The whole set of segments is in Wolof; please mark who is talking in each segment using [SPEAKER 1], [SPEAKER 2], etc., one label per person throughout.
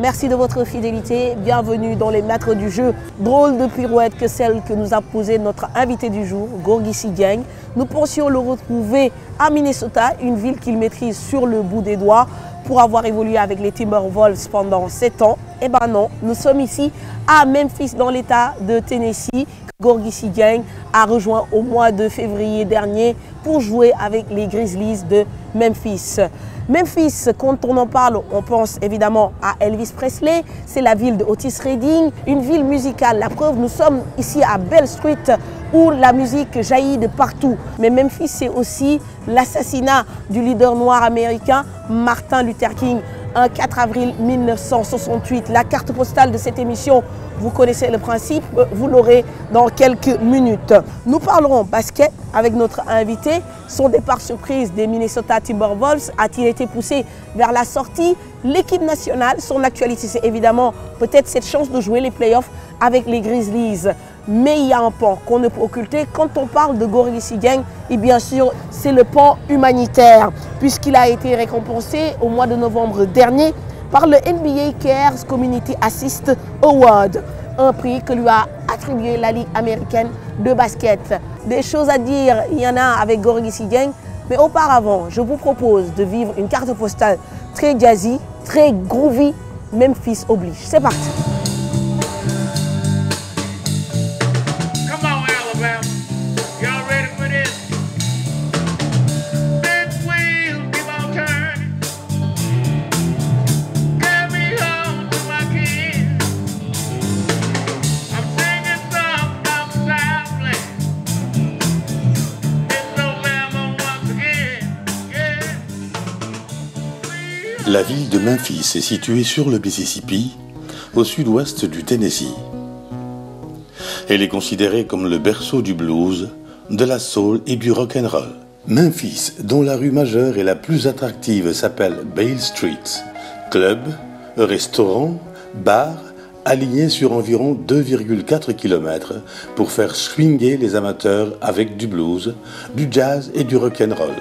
[SPEAKER 1] merci de votre fidélité. Bienvenue
[SPEAKER 2] dans les maîtres du jeu. Drôle de pirouette que celle que nous a posée notre invité du jour, Gorgissi Dieng. Nous pensions le retrouver à Minnesota, une ville qu'il maîtrise sur le bout des doigts pour avoir évolué avec les Timberwolves pendant 7 ans. Eh ben non, nous sommes ici à Memphis dans l'état de Tennessee Gorgui Dieng a rejoint au mois de février dernier pour jouer avec les Grizzlies de Memphis. Memphis, quand on en parle, on pense évidemment à Elvis Presley. C'est la ville de Otis Redding, une ville musicale. La preuve, nous sommes ici à Bell Street où la musique jaillit de partout. Mais Memphis, c'est aussi l'assassinat du leader noir américain Martin Luther King un 4 avril 1968. La carte postale de cette émission, vous connaissez le principe, euh, vous l'aurez dans quelques minutes. Nous parlerons basket avec notre invité. Son départ surprise des t il été la sortie L'équipe nationale, son actualité, c'est évidemment peut-être cette chance de jouer les playoffs mais il y a un pan qu'on ne peut occulter. Quand on parle de Gorgui Sy Dieng, et bien sûr, c'est le pan humanitaire, puisqu'il a été récompensé au mois de novembre dernier par le NBA Cares Community Assist Award, un prix que lui a attribué la Ligue américaine de basket. Des choses à dire, il y en a avec Gorgui Sy Dieng, mais auparavant, je vous propose de vivre une carte postale très jazzy, très groovy, Memphis oblige. C'est parti
[SPEAKER 3] de Memphis est située sur le Mississippi, au sud-ouest du Tennessee. Elle est considérée comme le berceau du blues, de la soul et du rock and roll. Memphis, dont la rue majeure et la plus attractive s'appelle Bale Street, club, restaurant, bar, aligné sur environ 2,4 pour faire swinguer les amateurs avec du blues, du jazz et du rock and roll.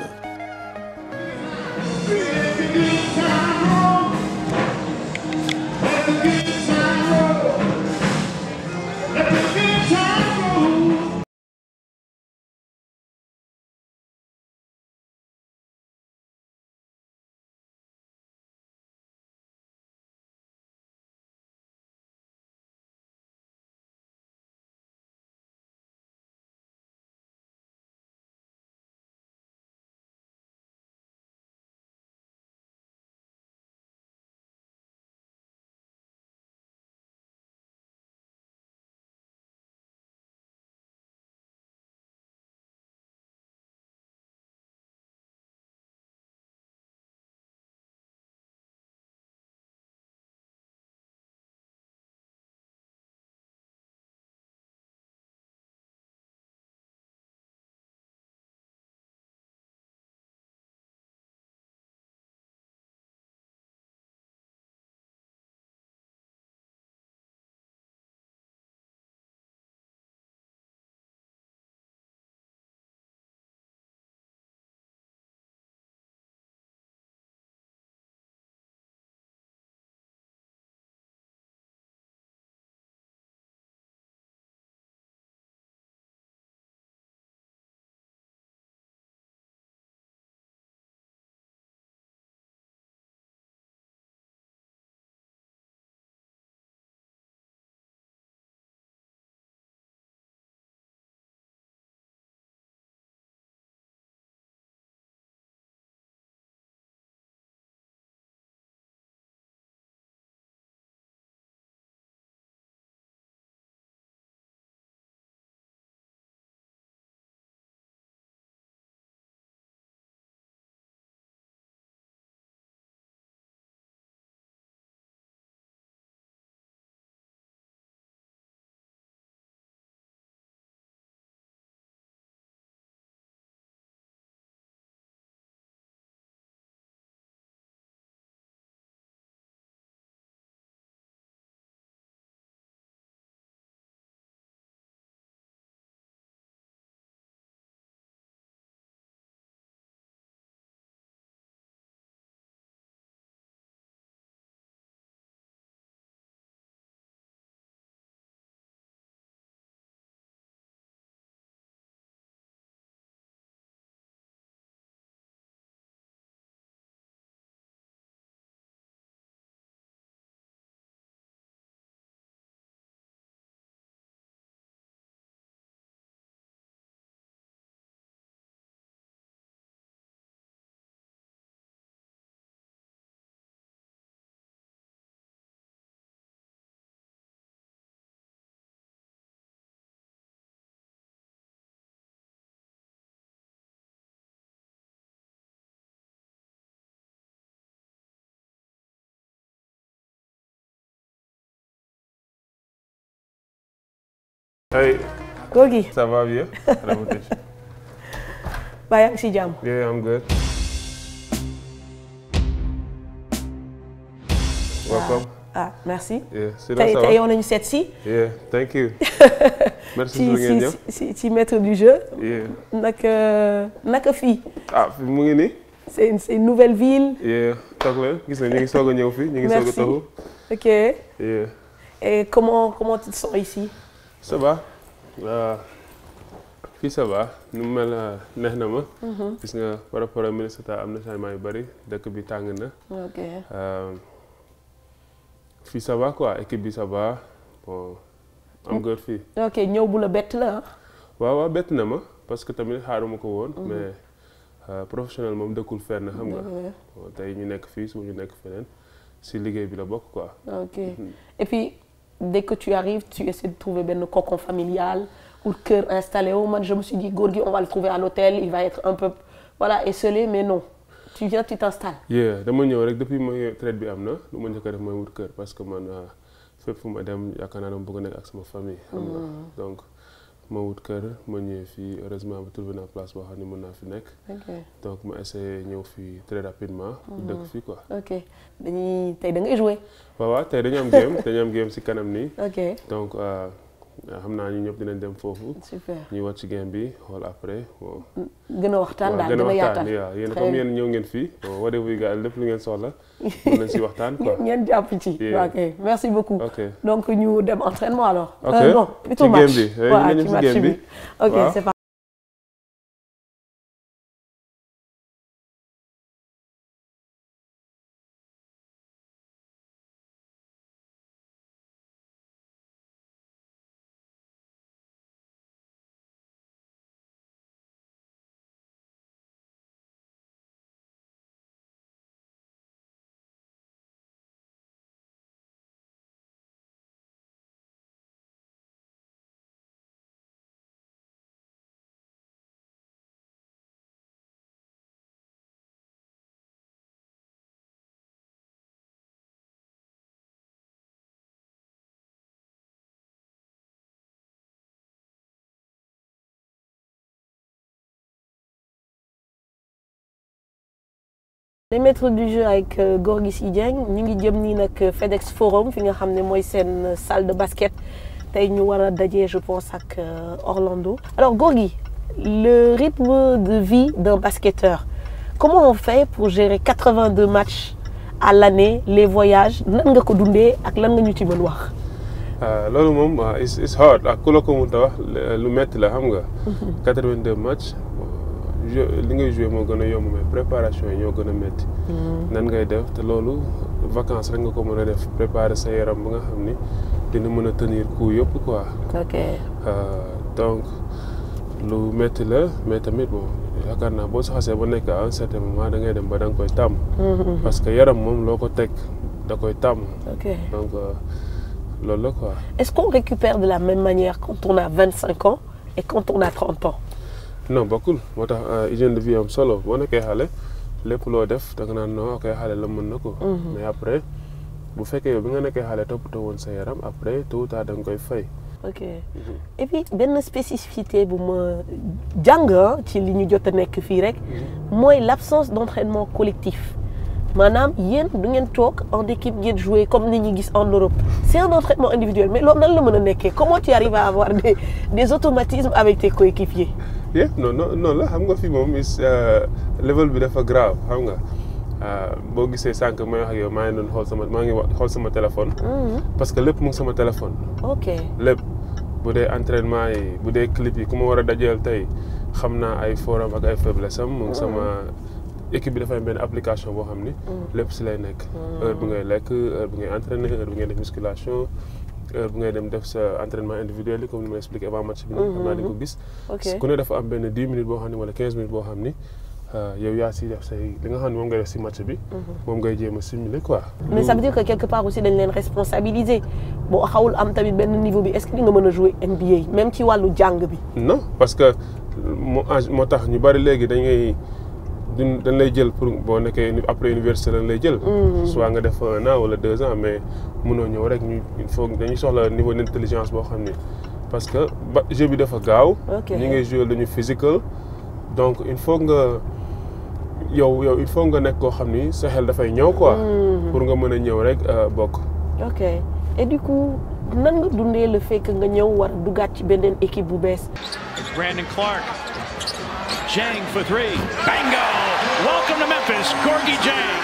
[SPEAKER 1] oui. Kogi. ça va bien.
[SPEAKER 2] baa yaa ngi si jàmm. Ah, ah merci. tey tey yow nañu seet si.
[SPEAKER 4] yeah thank you. merci ngeen jëf
[SPEAKER 2] ci ci ci maître du fii.
[SPEAKER 4] ah mu ngi nii.
[SPEAKER 2] c'est une c'est une nouvelle ville.
[SPEAKER 4] yeah toog la gis nga ñu ngi soog a ñëw fii ñu ngi soog a taxu. ok. yeah.
[SPEAKER 2] et comment comment tu te sens
[SPEAKER 4] ça va euh, fii saba va nu mu mel euh, neex na ma. Mhm. gis nga par rapport ak Minnesota am na changement yu bëri dëkk bi tàng na. ok euh, fii ça va bi saba va am nga fii.
[SPEAKER 2] ok ñëw bu la bett la ah?
[SPEAKER 4] waaw waaw bett na ma parce que tamit xaaruma ko woon. Mhm. mais professionnel moom dëkkul fenn xam nga. tey ñu nekk fii su ñu nekk feneen si liggéey bi la bokk quoi.
[SPEAKER 2] ok mhm. et dès que tu arrives tu essaies de trouver benn cocon familial ou cœur installé wu man je me suis dit góor gi on va le trouver à l'hôtel il va être un peu voilà esselé mais non tu viens tu t'installes.
[SPEAKER 4] yeah dama ñëw rek depuis mooy traite bi am na lu ma njëkk a def mooy wut kër parce que man euh, fépp fu ma dem yaakaar naa ne bëgg nekk ak sama famille. xam nga mm. ma wut kër ma ñëwee fi heureusement ba trouvé naa place boo xam ne mën naa fi nekk. donc ma essayé ñëw fii très rapidement. Mhm. dëkk fii ko
[SPEAKER 2] ok dañuy tey da nga joué.
[SPEAKER 4] tey dañu am game dañu am game si kanam nii. ok donc. Euh, Euh, xam naa ñu ñëpp dinañ dem foofu. super ñu wàcc game bi xool après.
[SPEAKER 2] gën a waxtaan daal gën a yaatal waaw yéen comme yéen
[SPEAKER 4] ñëw ngeen fii. wala wuy lépp lu ngeen soxla mën nañ si waxtaan quoi. ngeen jàpp ci. ok merci beaucoup.
[SPEAKER 2] donc ñu dem
[SPEAKER 1] entraînement alors. ok euh, ci game bi bon plutôt match. waaw bi ok c'est les maîtres du jeu ak euh, Gorgui Sy Dieng ñu ngi jëm nii nag euh, FedEx Forum fi nga xam ne mooy seen euh, salle de basket
[SPEAKER 2] tey ñu war a dajee je pense ak Orlando alors Gorgui le rythme de vie d'un basketteur comment on fait pour gérer 82 à l'année les voyages nan nga ko dundee ak lan nga ñu ci mën wax
[SPEAKER 4] loolu moom it's hard ak ku la ko mun ta lu métti la xam nga 82 li ngay joué moo gën a yomb mais préparation yi ñoo gën a métti. Mm. nan ngay def te loolu vacance rek nga ko mën a def préparer sa yaram bu nga xam ni dina mën a tenir coup yëpp quoi. ok euh, donc lu metti la mais tamit bon yaakaar naa boo si xasee ba nekk à un certain moment da ngay dem ba danga koy tàmm.
[SPEAKER 5] Mm-hmm. parce
[SPEAKER 4] que yaram moom loo ko teg da koy tàmm. ok donc euh, loolu la quoi.
[SPEAKER 2] est-ce qu'on récupère de la même manière quand on a vingt cinq ans et quand on
[SPEAKER 4] non bokkul moo tax euh, hygiène de vie am solo boo nekkee xale lépp loo def da nga naan non xale la mën na ko. Mhm. mais après bu fekkee yow bi nga nekkee xale toppatoo woon sa yaram après tôt ou tard da nga koy fay. ok mhm.
[SPEAKER 2] et puis benn spécificité bu ma jàng ci li ñu jot a nekk fii rek. Mhm. mooy l'absence d'entraînement collectif. maanaam yéen du ngeen toog en équipe ngeen jouer comme ni ñuy gis en Europe c'est un entraînement individuel mais loolu nan la mën a nekkee comment tu arrives à avoir des des automatismes avec tes coéquipiers.
[SPEAKER 4] yëpp non non non la xam nga fi moom euh, level bi dafa graw xam nga. Euh, boo gisee sànq may wax ak yow maa ngi doon xool sama maa ngi xool sama téléphone. Mm-hmm. parce que lépp mu sama téléphone. ok lépp bu dee entrainement yi bu dee clip yi ku ma war a dajeel tey xam naa ay forum ak ay faiblesse am. mu sama. Mm-hmm. équipe bi dafa am benn application boo xam ni. Mm. lépp si lay nekk. Mm. heure bu ngay lekk heure bu ngay entraîner heure bu ngay def sa entraînement individuel yi comme ni ma expliqué avant match bi. Mm-hmm. xam naa di ko gis. ku ne dafa am benn dix euh, match bi. Mm-hmm. moom ngay jéem a simuler mais ça veut
[SPEAKER 2] dire que quelque part aussi dañ leen responsabiliser boo xawul am tamit benn niveau bi est-ce que di nga mën a jouer NBA même ci wàllu jàng bi.
[SPEAKER 4] non parce que moo tax ñu bari léegi dañuy. duñ dañ lay jël pour boo nekkee après université lañ lay jël. Mm-hmm. soit nga def un an deux ans mais mënoo ñëw rek ñu il faut dañuy soxla niveau d' intelligence boo xam ni parce que ba jeu bi dafa gaaw. ñi ngay joué dañu physical. donc il faut nga yow yow il faut nga nekk koo xam ni sa xel dafay ñëw quoi. Mm-hmm. pour nga mën a ñëw rek euh, bokk.
[SPEAKER 2] ok et du ñëw war dugaat ci beneen équipe bu bees.
[SPEAKER 1] Jang for three. Bango! Welcome to Memphis, Gorgie Jang.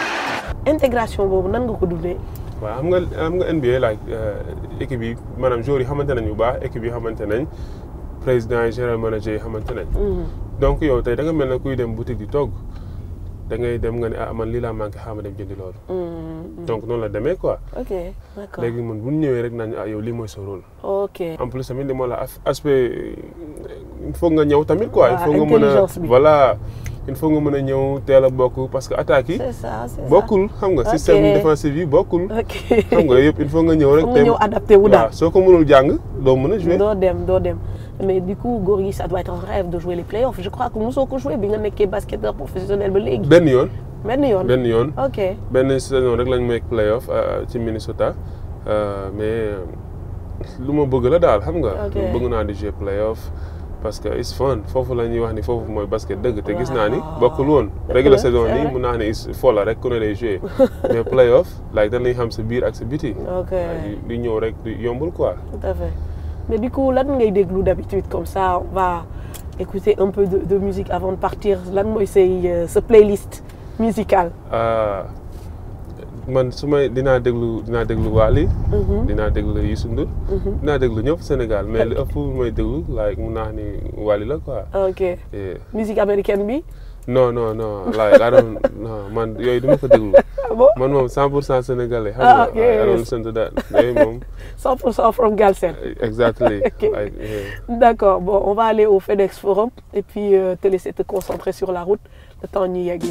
[SPEAKER 2] intégration boobu nan nga ko dundee.
[SPEAKER 4] waaw nga xam nga NBA like uh, équipe yi maanaam joueurs yi xamante nañ bu baax équipe yi xamante nañ président yi général manager yi xamante nañ. Mm-hmm. donc yow tey da nga mel ne kuy dem boutique di togg. da ngay dem nga ne ah man lii laa manqué xaama dem jëndi loolu.
[SPEAKER 5] Mm, mm, mm. donc
[SPEAKER 4] noonu la demee quoi.
[SPEAKER 5] ok d'accord léegi
[SPEAKER 4] man bu ñu ñëwee rek naan ah yow lii mooy sa rôle. ok en plus tamit li moo a aspect il faut nga ñëw tamit quoi. il faut nga mën a il faut nga mën a ñëw teel a bokk parce que attaques yi. c'est bokkul xam nga système défensif yi bokkul. xam nga yëpp il faut nga ñëw rek. tey adapté wu daal soo ko mënul jàng doo mën a jouer. doo
[SPEAKER 2] doo dem. mais du coup góor yi ça doit être un rêve de jouer je crois que mosoo ko jouer bi nga nekkee basketteur professionnel ba léegi. benn yoon benn yoon benn yoon. ok
[SPEAKER 4] benn saison rek lañ make playoff euh, ci Minnesota euh, mais lu ma bëgg la daal xam nga. bëgg naa di jouer playoff parce que it's fun foofu la ñuy wax ni foofu mooy basket dëgg. te gis naa ni bokkul woon. regular saison nii mun naa ne fo la rek ku ne lay jouer mais playoff like dañ lay xam sa biir ak sa biti. ok di ñëw rek yombul quoi.
[SPEAKER 2] Mais du coup, là, nous d'habitude comme ça, on va écouter un peu de, de musique avant de partir. Là, moi, c'est euh, ce playlist musicale.
[SPEAKER 4] Euh, man, si je dina déglu dina déglu Wali, mhm. dina déglu Youssou Ndour, mhm. dina déglu ñop Sénégal, mais le ëpp moy déglu like mu nax ni Wali la quoi. Ah, OK. Yeah.
[SPEAKER 2] Musique américaine bi
[SPEAKER 4] non non non laay laa doon non man yooyu du ma ko déglu. man moom 100 pour cent sénégalais. xam ah, nga laa doon sant daal yooyu moom.
[SPEAKER 2] 100 pour cent from Galsen. Eh, exactly. d'accord bon on va aller au FedEx Forum et puis euh, te te concentrer sur la route le temps ñuy yegg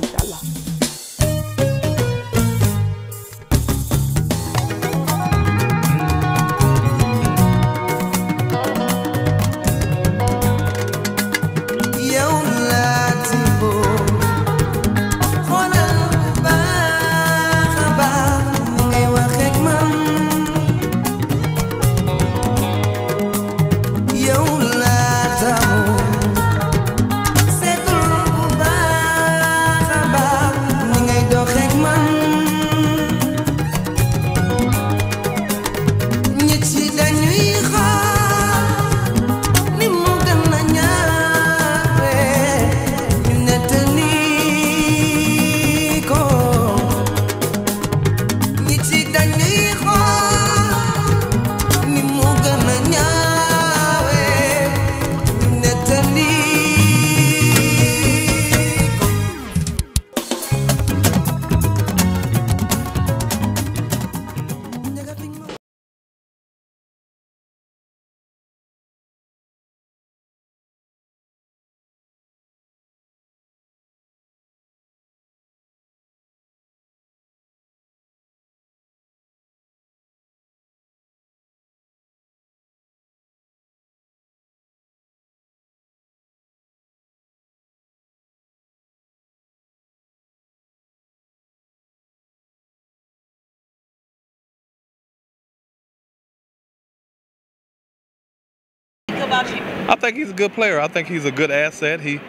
[SPEAKER 3] about you? I think he's a good player. I think he's a good asset. He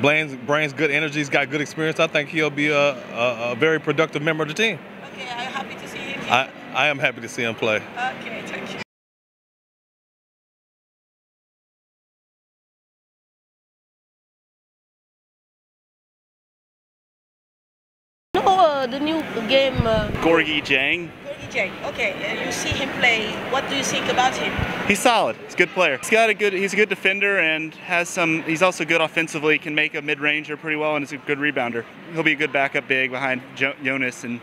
[SPEAKER 3] brings, brings good energy. He's got good experience. I think he'll be a, a, a very productive member of the team.
[SPEAKER 1] Okay, I'm happy to see him.
[SPEAKER 3] I, I am happy to see him play.
[SPEAKER 1] Okay, thank you. You know uh, the new game? Uh... Gorgie Jang. Jake, okay, uh, you see him play. What do you think about him? He's solid. He's a good player. He's got a good. He's a good defender and has some. He's also good offensively. Can make a mid-ranger pretty well and is a good rebounder. He'll be a good backup big behind jo Jonas and.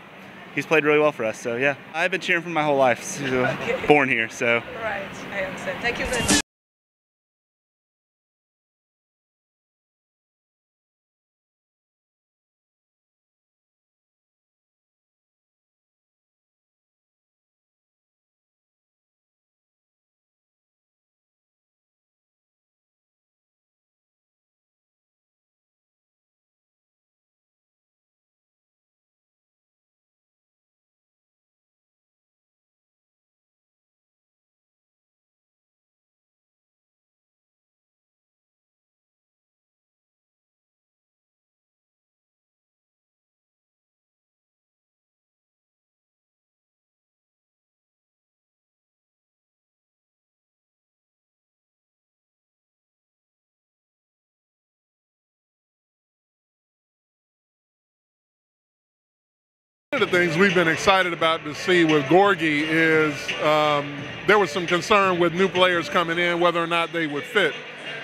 [SPEAKER 1] He's played really well for us, so yeah. I've been cheering for my whole life, so okay. born here, so. All right, I understand. Thank you very much. One of the things
[SPEAKER 3] we've been excited about to see with Gorgie is um, there was some concern with new players coming in whether or not they would fit.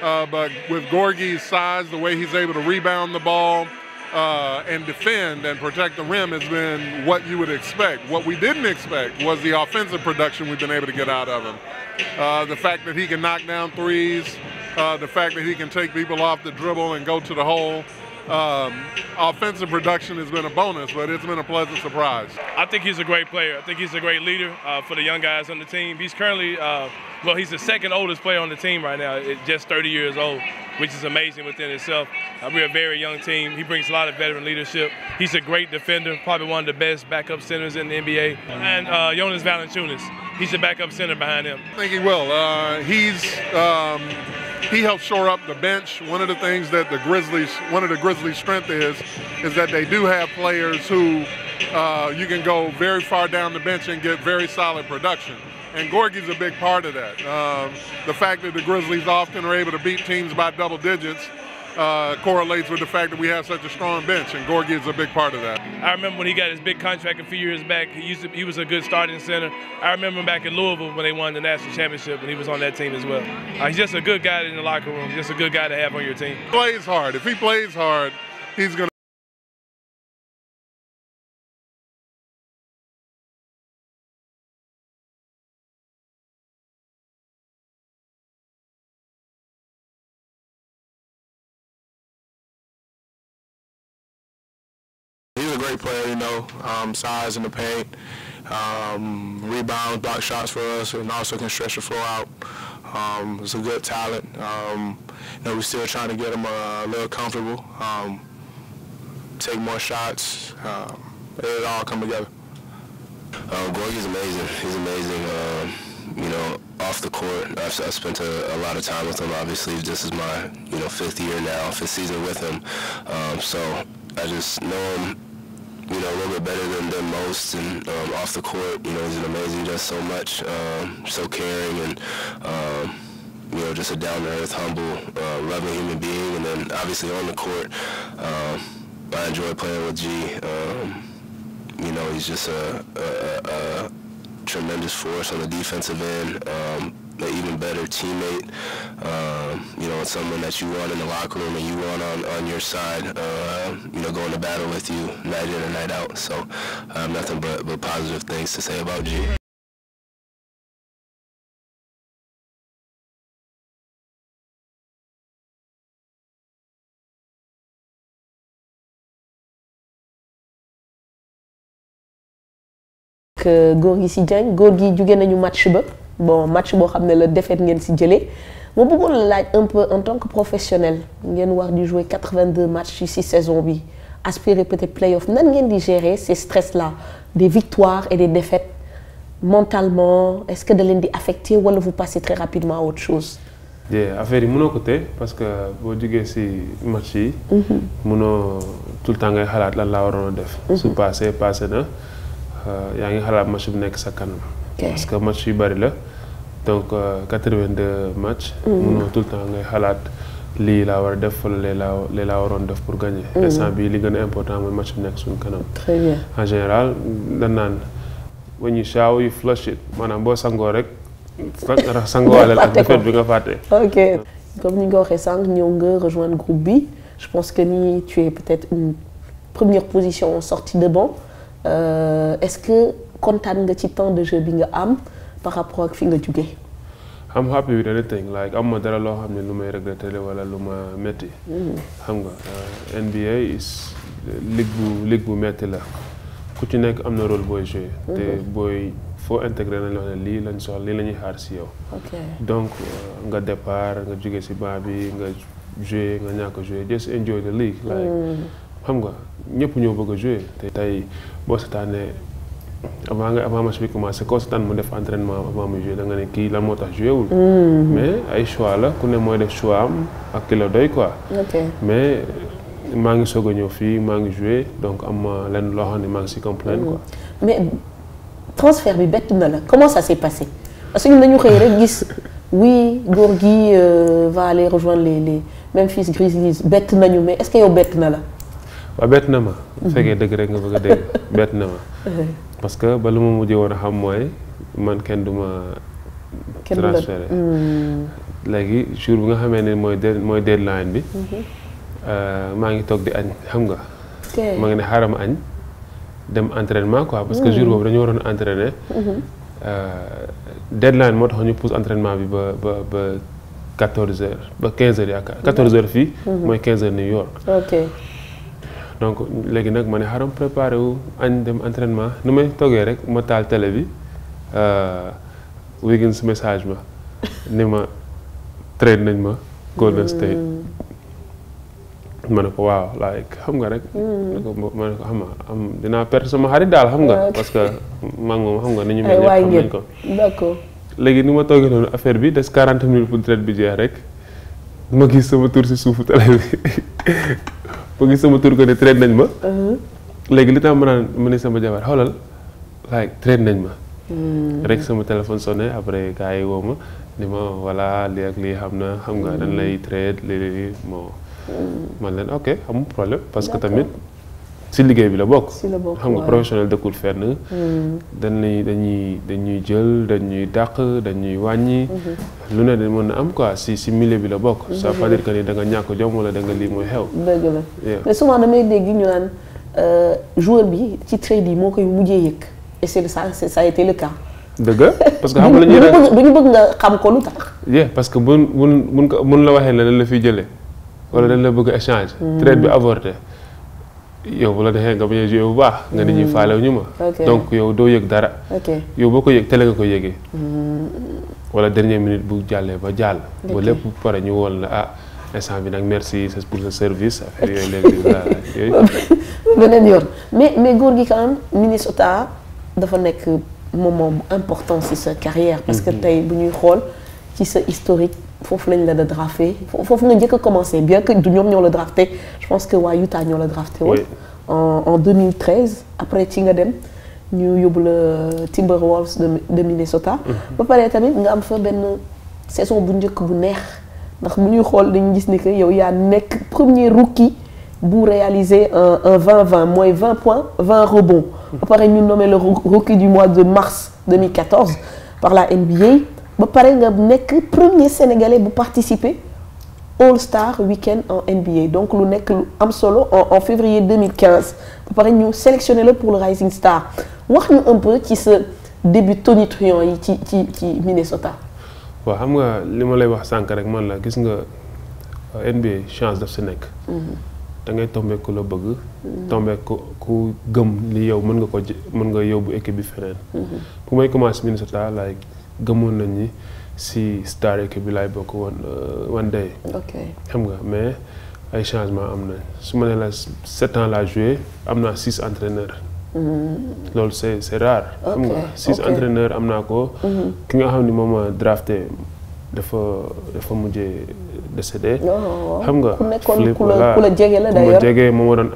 [SPEAKER 3] Uh, but with Gorgie's size, the way he's able to rebound the ball uh, and defend and protect the rim has been what you would expect. What we didn't expect was the offensive production we've been able to get out of him. Uh, the fact that he can knock down threes, uh, the fact that he can take people off the dribble and go to the hole. um, offensive production has been a bonus, but it's been a pleasant surprise.
[SPEAKER 4] I think he's a great player. I think he's a great leader uh, for the young guys on the team. He's currently uh, well, he's the second oldest player on the team right now, eh, just 30 years old, which is amazing within itself. Uh, we're a very young team. He brings a lot of veteran leadership. He's a great defender, probably one of the best backup centers in the NBA. And uh, Jonas Valanciunas, he's the backup center behind him.
[SPEAKER 3] I think he will. Uh, he's um, he helps shore up the bench. One of the things that the Grizzlies, one of the Grizzlies' strength is, is that they do have players who uh, you can go very far down the bench and get very solid production. and Gorgie's a big part of that. Um, the fact that the Grizzlies often are able to beat teams by double digits uh, correlates with the fact that we have such a strong bench, and Gorgie is a big part of that.
[SPEAKER 1] I remember when he got his big contract a
[SPEAKER 4] few years back. He used to, he was a good starting center. I remember him back in Louisville when they won the national championship, and he
[SPEAKER 1] was on that team as well. Uh, he's just a good guy in the locker room. Just a good guy to have on your team. He plays hard. If he plays hard, he's gonna. great player, you know, um, size in the paint, um, rebound, block shots for us, and also can stretch the floor out.
[SPEAKER 4] Um, he's a good talent. Um, you know, we're still trying to get him a, a little comfortable, um, take more shots. Um, it'll all come together. Uh, um, Gorgie's amazing. He's amazing. Uh, you know, off the court, I've, I've spent a, a, lot of time with him. Obviously, this is my you know fifth year now, fifth season with him. so I just know him you know, a better than, than most. And um, off the court, you know, he's amazing, so much, um, so caring, and um, you know, just a down to earth, humble, uh, loving human being. And then obviously on the court, uh, I enjoy playing with G. you know, he's
[SPEAKER 2] just a, tremendous force on the defensive end. an
[SPEAKER 4] even better teammate. Um, you want in the locker room you want on,
[SPEAKER 1] your side, uh, you going to battle with you night in and night out. Um, positive things to say about G. Gorgui Sy Diagne góor gi match ba bon match boo xam ne la
[SPEAKER 2] défaite ngeen si jëlee mu bëggoon la laaj un peu en tant que professionnel ngeen war di jouer 82 si ci saison bi aspirer peut nan ngeen di gérer ces stress là des victoires et des défaites mentalement est-ce que da leen di affecter wala vous passez très rapidement à autre chose.
[SPEAKER 4] jërëjëf affaire yi mënoo ko tey parce que boo jógee si match yi. Mhm. mënoo tout le temps ngay xalaat lan laa waroon a def. Mhm. su passé passé na euh, yaa ngi xalaat match bu nekk sa kanam. parce que match yu bari la donc euh, quatre-vingt-deux matchs. mënoo mm. tout le temps ngay xalaat lii laa war a def wala lii laa lii laa waroon def pour gagner. Mm. instant bi li gën a important mooy match bi nekk suñu kanam. en général dañ naan when you shower you flush maanaam boo sangoo rek. sangoowaleel ak defet bi nga fàtte.
[SPEAKER 2] comme ni nga ko waxee sànq ñëw nga rejoindre groupe bi je pense que nii tu es une première position en de banc euh, est kontaan nga ci temps de jeu bi nga am par rapport ak fi nga jugee.
[SPEAKER 4] I'm happy with anything like am ma dara loo xam ne lu may regretté wala lu ma métti. Mm. xam nga uh, NBA is ligue bu métti la ku ci nekk am na rôle booy mm-hmm. te booy foo intégré nañ la wax lii lañ soxla lii lañuy ñuy xaar si yow. donc uh, nga départ nga jóge si banc bi nga joué nga ñàkk a joué just enjoy the league. like mm. xam nga ñëpp ñoo bëgg a joué. te tey boo seetaanee. avant nga avant match bi commencé constant mu def entraînement avant mu joué da nga ne kii lan moo tax joué wul. Mm. mais ay choix la ku ne mooy def choix am ak ki la doy quoi. mais maa ngi soog a ñëw fii maa ngi joué donc am ma lenn loo xam ne maa ngi si complain quoi.
[SPEAKER 2] Mm. mais transfert bi bett na la comment ça s'est passé parce que ñun dañu xëy rek gis oui Gorgui euh, va aller rejoindre les les Memphis Grizzlies bett nañu mais est-ce que yow bett na la.
[SPEAKER 4] waaw bett na ma. bu fekkee dëgg rek nga bëgg a dégg bett na ma. parce que ba lu ma mujjee woon a xam mooy man kenn du ma. transféré
[SPEAKER 5] mm.
[SPEAKER 4] léegi jour bi nga xamee ne mooy de mooy deadline bi. Mm-hmm. Euh, maa ngi toog di añ xam nga. maa ngi ne xaaral ma añ dem entraînement quoi parce que mm. jour boobu dañu waroon entraîner. Mm-hmm. Euh, deadline moo tax ñu pousse entraînement bi ba ba ba quatorze heures ba quinze heures yaakaar quatorze heures fii. Mm-hmm. mooy quinze heures New York. donc léegi nag ma ne xaram préparé wu añ dem entraînement nu may toggee rek ma taal télé bi euh, Wiggins message ma ni ma trade nañ ma Golden State mm. ma ne ko waaw like xam nga rek mm. ma ne ko xam nga am dinaa per sama xarit daal xam nga parce que maa ngi xam nga ni ñu mel ñëpp xam nañ ko d'accord léegi ni ma toogee noonu affaire bi des quarante mille pour trade bi jeex rek ma gis sama tur si suufu télé bi boo gis sama tur ko ne traité nañ ma. Uh-huh. léegi li tax ma naan ma sama jabar xoolal like traité nañ ma.
[SPEAKER 5] Hmm. rek
[SPEAKER 4] sama téléphone sonné après gars yi woo ma ni ma voilà lii ak lii xam na xam nga dañ lay traité lii lii moo. Hmm. man leen ok amul problème parce que tamit. si liggéey bi la bokk. xam nga professionnel dëkkul fenn. Hmm. dañuy dañuy dañuy jël dañuy dàq dañuy wàññi.
[SPEAKER 5] Hmm.
[SPEAKER 4] lu ne dañ mën na am quoi si si bi la bokk. Hmm. ça veut pas dire que da nga ñàkk jom wala da nga lii mooy xew. dëgg la mais
[SPEAKER 2] souvent damay dégg ñu naan euh, joueur bi ci trade yi moo koy mujjee yëg et c'est ça ça a été le cas.
[SPEAKER 4] dëgg parce que xam nga la ñuy du
[SPEAKER 2] ñu bëgg nga xam ko lu tax.
[SPEAKER 4] yeah parce que buñ buñ buñ ko buñ la waxee la la fiy jëlee wala dañ la bëgg échange. trade bi avorté. yow bu la defee nga bañ a joué bu baax. nga nit ñuy mm. faalew ñu ma. donc yow doo yëg dara. yow boo ko yëg télé nga ko yëgee. Mm. wala dernière minute bu jàllee ba jàll. ba lépp pare ñu woon la ah instant bi nag merci pour sa service affaire
[SPEAKER 5] yooyu léegi voilà
[SPEAKER 2] beneen yoon mais mais góor gi quand même Minnesota dafa nekk moment bu important si sa carrière parce que mm-hmm. tey bu ñuy xool ci sa historique. foofu lañ la da drafté foofu nga njëkk a commencé bien que du ñoom ñoo la drafté je pense que waa Utah ñoo la drafté woon en en 2013 après ci nga dem ñu yóbbu la Timberwolves de de Minnesota. Mhm. ba pare tamit nga am fa benn saison bu njëkk bu neex ndax mu ñuy xool dañ gis ni que yow yaa nekk premier rookie bu réaliser un un 20-20 mooy 20 points 20 mhm. ba pare ñu nommé le rookie du mois de mars 2014 par la NBA. ba pare nga nekk premier sénégalais bu participer All Star Weekend en NBA donc lu nekk lu am solo en en février 2015 ba pare ñu sélectionné la pour le Rising Star wax ñu un peu ci sa début tonitruant yi ci ci ci Minnesota.
[SPEAKER 4] waaw xam nga li ma lay wax sànq rek man la gis nga euh, chance daf si nekk. Mm-hmm. da ngay tombé ku la bëgg. Mm-hmm. tombé ku ku gëm li yow mën nga ko mën nga bu équipe bi feneen. bu mm-hmm. may commencé Minnesota like. gëmoon nañ ni si star équipe bi laay bokk woon uh, one day. ok xam nga mais ay changement am na su ma nee la sept ans laa joué am naa six entraîneurs.
[SPEAKER 5] Mm-hmm.
[SPEAKER 4] loolu c'est c'est rare. xam six entraîneurs am naa ko. Mm-hmm. ki nga xam ni moom a drafté dafa dafa mujjee décédé. Oh, oh,
[SPEAKER 5] oh. xam nga Philippe voilà ku la jege la d'ailleurs
[SPEAKER 4] ku ma moom moo doon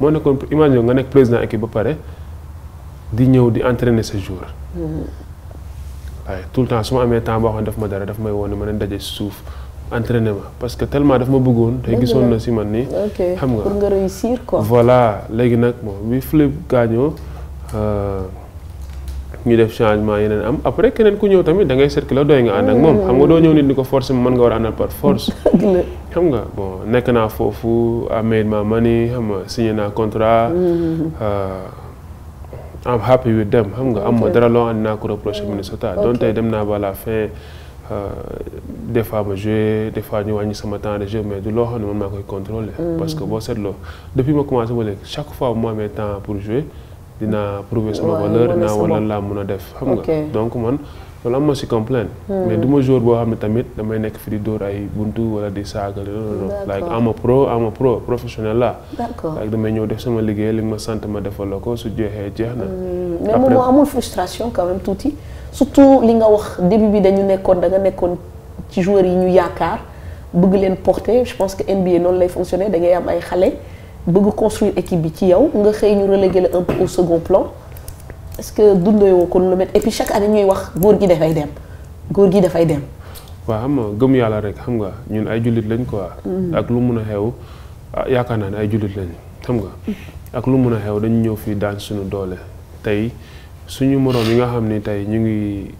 [SPEAKER 4] moo nekkoon imagine nga nekk président équipe ba pare di ñëw di entraîner ce jour. Mm-hmm. waaye tout le temps su ma amee temps boo xam ne daf ma dara daf may woon ne ma leen daje suuf entraîné ma parce que tellement daf ma bëggoon. te gisoon na si man ni xam nga pour nga
[SPEAKER 2] réussir quoi. voilà
[SPEAKER 4] léegi nag bon bi Philippe gaañoo euh, ñu def changement yeneen am après keneen ku ñëw tamit da ngay circuler doy nga ànd ak moom. xam nga doo ñëw nit ni ko force mën nga war a àndal par force. xam nga bon nekk naa foofu amee ma mani xam nga signé naa contrat. Mm-hmm. Euh, I'm happy with them xam nga am ma dara loo xam ne naa ko reproché Minnesota doon tey dem naa ba la fin euh, des fois ma joué des fois ñu wàññi sama temps de jeu mais du loo xam ne man maa koy contrôler mm. parce que boo seetloo depuis ma commencé ba léegi chaque fois bu ma amee temps pour jouer dinaa prouver sama valeur dinaa wala laa mun a def xam nga donc man loolu am hmm. ma ma joueur boo xam ne tamit damay nekk fi di dóor ay buntu wala di saaga loolu like ama pro ama pro professionnel la like damay ñëw def sama liggéey li ma sant ma defal la ko su jeexee jeex na hmm. mais moom moo
[SPEAKER 2] amul frustration tuuti surtout li nga wax début bi dañu nekkoon danga nekkoon ci joueurs yi ñu yaakaar bëgg leen porter je pense que NBA noonu lay fonctionner da ngay am ay xale bëgg construire équipe bi ci yow nga xëy ñu reléguer la un peu au second plan est-ce que dundee woo kon lu met et puis chaque année ñuy wax góor gi dafay dem góor gi dafay dem.
[SPEAKER 4] waa xam nga gëm yàlla rek xam nga ñun ay jullit lañ quoi. Mm-hmm. ak lu mun a xew ah, yaakaar naa ne ay jullit lañ xam nga. Mm-hmm. ak lu mun a xew dañu ñëw fii daan suñu doole tey suñu moroom yi nga xam ni tey ñu ngi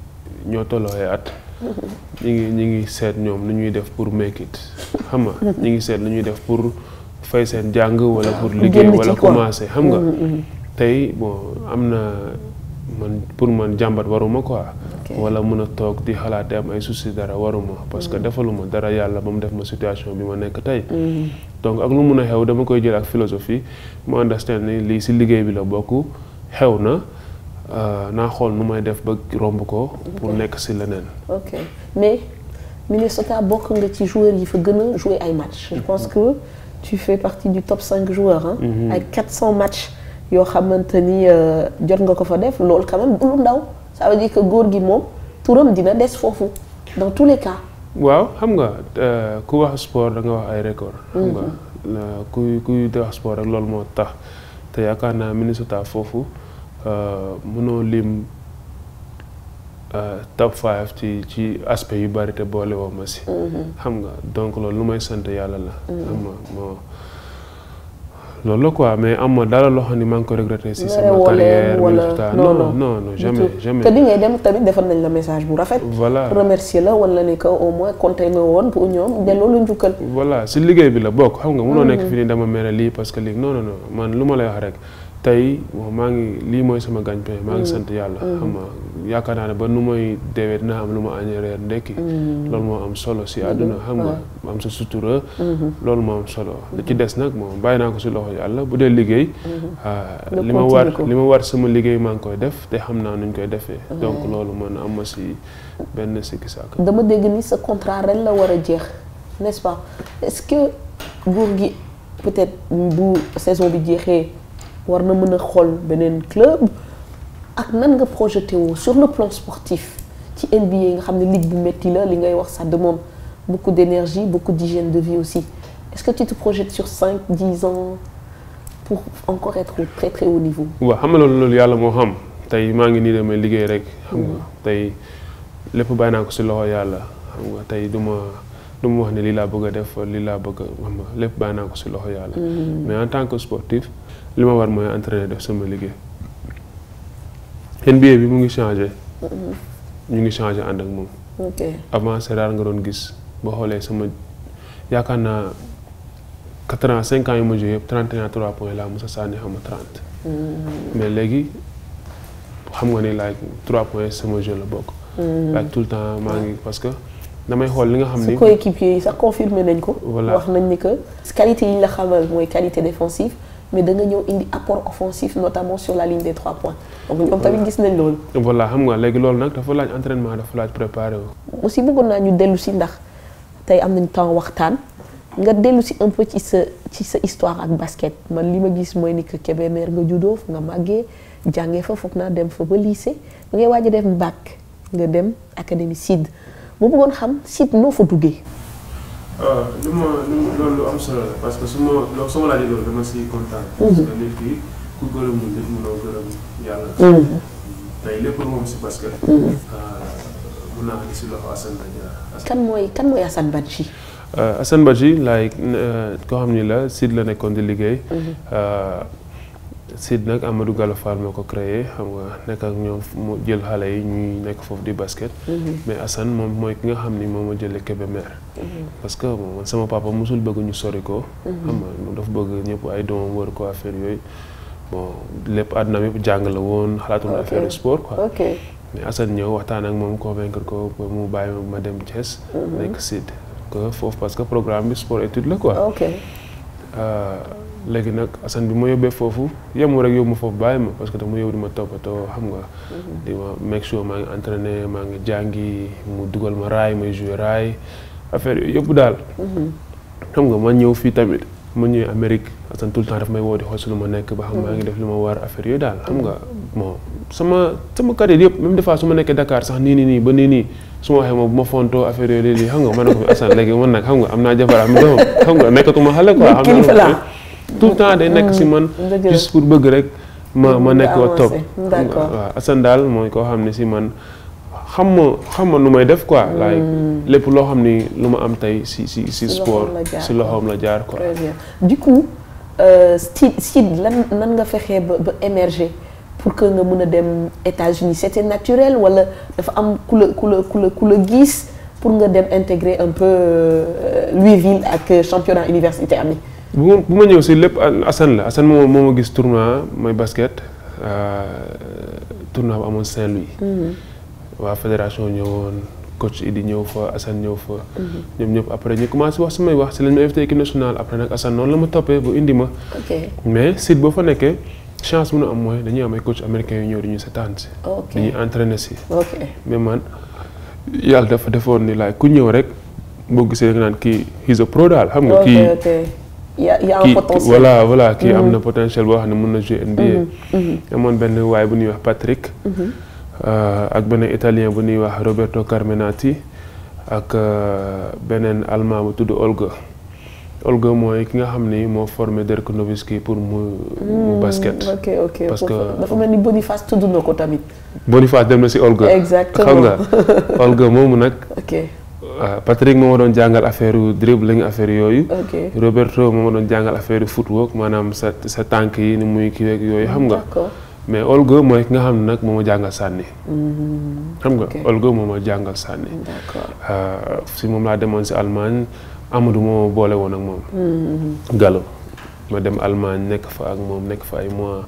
[SPEAKER 4] ñoo tollooyee at.
[SPEAKER 5] Mm-hmm.
[SPEAKER 4] ñu ngi ñu ngi seet ñoom nu ñuy def pour make it xam nga ñu ngi seet lu ñuy def pour fay seen jàng wala pour liggéey wala commencer xam nga. tey boo am na man pour man jàmbat waruma quoi. wala mën a toog di xalaat am ay soucis dara waruma. parce que mm. defaluma dara yàlla ba mu def ma situation bi ma nekk tey. Mm-hmm. donc ak lu mun a xew dama koy jël ak philosophie mu understand ni lii si liggéey bi la bokk xew na. Euh, naa xool nu may def ba romb ko. pour nekk si leneen.
[SPEAKER 2] mais Minnesota bokk nga ci joueurs yi fa gën a jouer ay match mm-hmm. que tu fais partie du top 5 joueurs ah. ak 400 matchs. yoo xamante ni euh, jot nga ko fa def loolu quand même lu ndaw ça veut dire que góor gi moom turam dina des foofu dans tous les cas.
[SPEAKER 4] waaw xam nga euh, ku wax sport da nga wax ay record. xam nga mhm. kuy kuy wax sport rek loolu moo tax te yaakaar naa Minnesota foofu euh, mënoo lim. top five ci ci aspect yu bari te boole woo ma mhm. xam nga donc loolu lu may sant yàlla la. Mhm. xam nga moo loolu la quoi mais am ma dara loo xam ne maa ngi ko regretté si sama carrière non non non jamais jamais te bi
[SPEAKER 2] ngay dem tamit defal nañ la message bu rafet voilà remercier la wala ne que au moins compté nga woon pour ñoom delloo la njukkal
[SPEAKER 4] voilà si liggéey bi la bokk xam nga mënoo nekk mhm. fi ni dama mere lii parce que lii non non non man lu ma lay wax rek tey maa ngi lii mooy sama gagne-pain maa ngi mm. sant yàlla mm. xam nga yaakaar naa ne ba nu mooy deewee dina am lu ma añee reer ndekki mm. loolu moo am solo si mm-hmm. àdduna xam nga am sa sutura mm-hmm. loolu moo solo li ci mm-hmm. des nag moom bàyyi naa ko si loxo yàlla bu dee liggéey ah, li ma war li ma war sama liggéey maa ngi koy def te xam naa nuñ koy defee donc loolu man am ma si benn sikki sàkk dama dégg
[SPEAKER 2] ni sa contrat la war a jeex n'est-ce pas est gi peut-être bu saison bi jeexee war na mën a xool beneen club ak nan nga projeté woo sur le plan sportif ci NBA nga xam ne ligue bu métti la li ngay wax ça demande beaucoup d'énergie beaucoup d'hygiène de vie aussi est-ce que tu te projettes sur cinq dix ans pour encore être au très très haut niveau.
[SPEAKER 4] waaw xam nga loolu loolu yàlla moo xam tey maa ngi nii damay liggéey rek. xam nga tey lépp bàyyi naa ko si loxo yàlla xam nga tey du ma du ma wax ne lii laa bëgg a def lii laa bëgg a xam nga lépp bàyyi naa ko si loxo yàlla. Mm. mais en tant que sportif. li ma war mooy entraîner def sama liggéey NBA bi mu ngi changé.
[SPEAKER 5] Mm-hmm.
[SPEAKER 4] ñu ngi changé ànd ak moom. avant c'est nga doon gis boo xoolee sama yaakaar naa quatre ans cinq ans yu ma joué yëpp trente et un trois points laa mos a sànni xam mm-hmm. nga mais léegi xam nga ni like trois points sama jeu la bokk. Mm-hmm. like tout le temps maa ngi parce que. damay xool li nga xam ni su
[SPEAKER 2] coéquipier yi sax confirmé nañ ko. voilà wax nañ ni que qualité yi ñu la xamal mooy qualité défensive. mais da ñëw indi apport offensif notamment sur la ligne des trois points donc ñoom tamit gis nañ loolu.
[SPEAKER 4] voilà xam nga léegi loolu nag dafa laaj entraînement dafa laaj préparé wu.
[SPEAKER 2] aussi bëggoon naa ñu dellu si ndax tey am nañ temps waxtaan nga dellu si un peu ci sa ci sa histoire ak basket man li ma gis mooy ni que Kébémer nga juddoo fa nga màggee jàngee fa foog naa dem fa ba lycée ba ngay waaj a dem bac nga dem académie Sid ma bëggoon xam Sid noo fa duggee.
[SPEAKER 4] waaw li ma loolu lu am solo la parce que su ma loo soo laajee loolu dama si kontaan. Mm-hmm. parce que nit ki ku gërëmul nit mënoo gërëm yàlla. Mm-hmm. tey lépp lu moom si parce que. Mm-hmm. Ah, mun naa gis loxo Assane Badji.
[SPEAKER 2] kan mooy kan mooy Assane Badji.
[SPEAKER 4] Euh, Assane Badji laay euh, koo xam ni la Sine la nekkoon di liggéey. Euh, site nag Amadou Gallo Fall moo ko créé xam nga nekk ñoom mu jël xale yi ñuy nekk foofu di basket. Mhm. mais Assane moom mooy ki nga xam ni moom ma jëlee Kébémer. Mhm. parce que man sama papa mosul bëgg ñu sori ko. Mhm. xam bëgg ñëpp ay doomam wër ko affaire yooyu bon lépp àdduna bi jàng la woon. xalaatuma affaire sport quoi. waxtaan ak moom convaincre ko mu bàyyi ma dem Thiès. nekk site que foofu parce que programme bi sport étude la quoi. Euh, léegi nag Assane bi ma yóbbee foofu ma foofu bàyyi ma parce que dama yow ma toppatoo xam nga. Mhm. ma make sure maa ngi entraîné mu dugal ma raay may joué raay affaire yooyu yëpp daal. Mhm. xam nga ma fii tamit ma ñëwee Amérique Assane tout le temps daf may woo di xool lu ma nekk ba xam maa ngi def lu ma war affaire yooyu daal xam nga mhm. bon sama sama carrière yëpp même des fois su ma nekkee Dakar sax nii nii nii ba nii nii. su ma ma fontoo affaire yooyu léegi xam ma ne ko fi am am doom xam tout le temps day nekk si hmm. man. juste pour bëgg rek ma ma nekk au top. d'accord waaw Assane daal mooy koo xam ne si man xam ma xam ma nu may def quoi. Hmm. like lépp loo xam ni lu ma am tey si si si sport. si loxoom la jaar ko très
[SPEAKER 2] bien du coup Sid euh, Sid lan nan nga fexee ba ba émerger. pour que nga mën a dem États-Unis c'était naturel wala dafa am ku la ku la ku la ku la gis pour nga dem intégrer un peu Louisville euh, ak championnat universitaire bi
[SPEAKER 4] bu bu ma ñëw si lépp Assane la Assane moom moo ma gis tournoi mooy basket euh, tournoi bu amoon Saint-Louis. Mm-hmm. waa fédération ñëwoon coach Idi ñëw fa Assane ñëw fa. Mm-hmm. ñoom ñëpp après ñu commencé wax su may wax si lañ ma invité équipe nationale après nag toppee bu indi mais site boo fa nekkee chance bu nu am mooy dañuy am ay coach américain yu ñëw di ñu seetaan si. ok di ñu entraîner si. mais man yàlla dafa defoon ni laay ku ñëw rek boo gisee rek naan kii he's pro daal xam nga
[SPEAKER 2] kii. y' a y' voilà voilà kii am na mhm.
[SPEAKER 4] potentiel boo xam ne mën na jouer NBA. Mhm, mhm. amoon benn waay bu ñuy wax Patrick. Euh, ak beneen italien bu ñuy wax Roberto Carminati ak euh, beneen allemand bu tudd Olga. olgo mooy ki nga xam ni moo formé Dirk Nowitzki pour mu. mu hmm, basket.
[SPEAKER 2] parce que dafa mel ni Boniface tudd na ko tamit.
[SPEAKER 4] Boniface dem na si Olga. exactement xam nga Olga moomu nag. ok. waaw euh, Patrick moo ma doon jàngal affaire yu dribbling affaire yooyu. Roberto moo ma doon jàngal affaire yu maanaam sa sa tànk yi ni muy kii yooyu xam nga. mais olgo mooy ki nga xam ne nag moom ma jàngal sànni.
[SPEAKER 5] Mm-hmm. xam nga
[SPEAKER 4] olgo moom ma jàngal sànni. Euh, si moom laa demoon si Allemagne amatuma boole woon ak moom.
[SPEAKER 5] Mm-hmm.
[SPEAKER 4] Gallo ma dem Allemagne nekk fa ak moom nekk fa ay mois.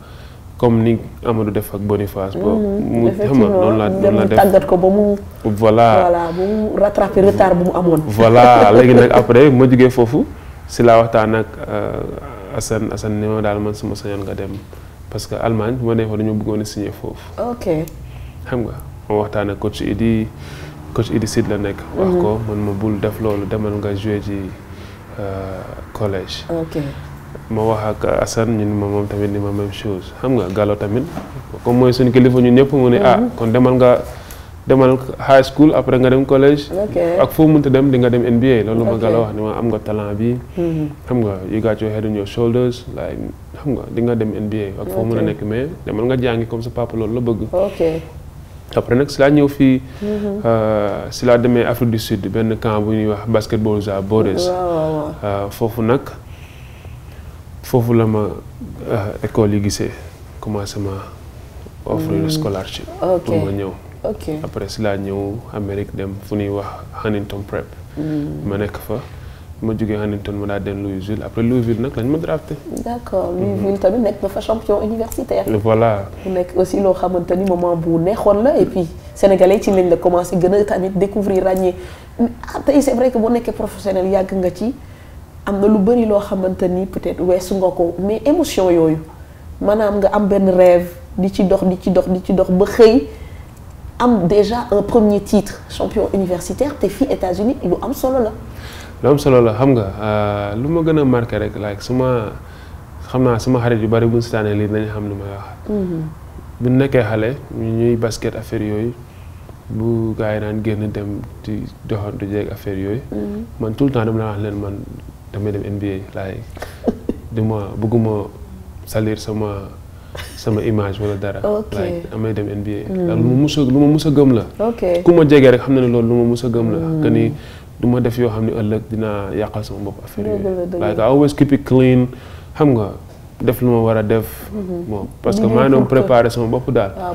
[SPEAKER 4] comme ni Amadou def ak Boniface. ba mhm. mu xam nga noonu ko ba mu. voilà voilà
[SPEAKER 2] ba mu rattrapé retard bu mu amoon. voilà
[SPEAKER 4] léegi nag après ma jugee foofu si laa waxtaan ak euh, Assane Assane ne ma daal man suma sañoon nga dem parce que Allemagne bu ma nee fa dañoo bëggoon a foofu. ok xam nga ma waxtaan ak coach Idi coach Idi Sid la nekk. wax ko mhm. man ma bul def loolu demal nga joué ci euh, collège. ma wax ak assan ñun ma moom tamit ni ma même chose xam nga galo tamit comme mooy seen kilifa ñun ñëpp mu ne ah mhm. kon demal nga demal high school après nga dem collège ak foo mënta dem di nga dem NBA loolu ma Gallo wax ni ma am nga talent bi mhm. xam nga you got your xam nga di nga dem NBA ak foo mën a nekk mais demal nga jàngi comme sa papa loolu la bëgg après nag si laa ñëw fii mhm. euh, si laa demee Afrique du Sud benn camp bu ñuy wax basketball za Borders euh, foofu nag foofu la ma euh, école yi gisee commencé ma offrir hmm. scholarship. pour ma ñëw. après si laa ñëw Amérique dem fu nuy wax Huntington Prep. Hmm. ma nekk fa ma jógee Huntington ma daal dem Louisville après Louisville nag lañ ma drafté.
[SPEAKER 2] d' accord hmm. Louisville tamit nekk na fa champion universitaire. voilà mu nekk aussi loo xamante ni moment bu neexoon la et puis sénégalais ci lañ la commencé gën a tamit découvrir ràññee ah, tey c' est vrai que boo nekkee professionnel yàgg nga ci. am na lu bëri loo xamante ni peut-être weesu nga ko mais émotion yooyu maanaam nga am benn rêve di ci dox di ci dox di ci dox ba xëy am déjà un premier titre champion universitaire te fii États-Unis lu am solo la.
[SPEAKER 4] solo la xam nga euh, lu ma gën a marqué rek like suma xam naa suma xarit yu bari bu ñu sitaanee lii nañu xam lu may wax.
[SPEAKER 5] Mm-hmm.
[SPEAKER 4] bu nekkee xale ñuy basket affaire yooyu. bu gars yi daan génn dem di doxantu jeeg affaire yooyu. Mm-hmm. man tout le temps dama wax leen man damay dem NBA laay duma bëgguma salir sama sama image wala dara. like damay dem NBA. Hmm. lu ma mus a lu ma mus gëm la. ku ma jege rek xam na ne loolu lu ma mus a gëm la. Hmm. que ni du def yoo xam ne ëllëg dinaa yàqal sama bopp affaire yooyu. like xam nga. def lu war a def. Hmm. bon parce que maa ngi doon préparé sama bopp daal. Ah,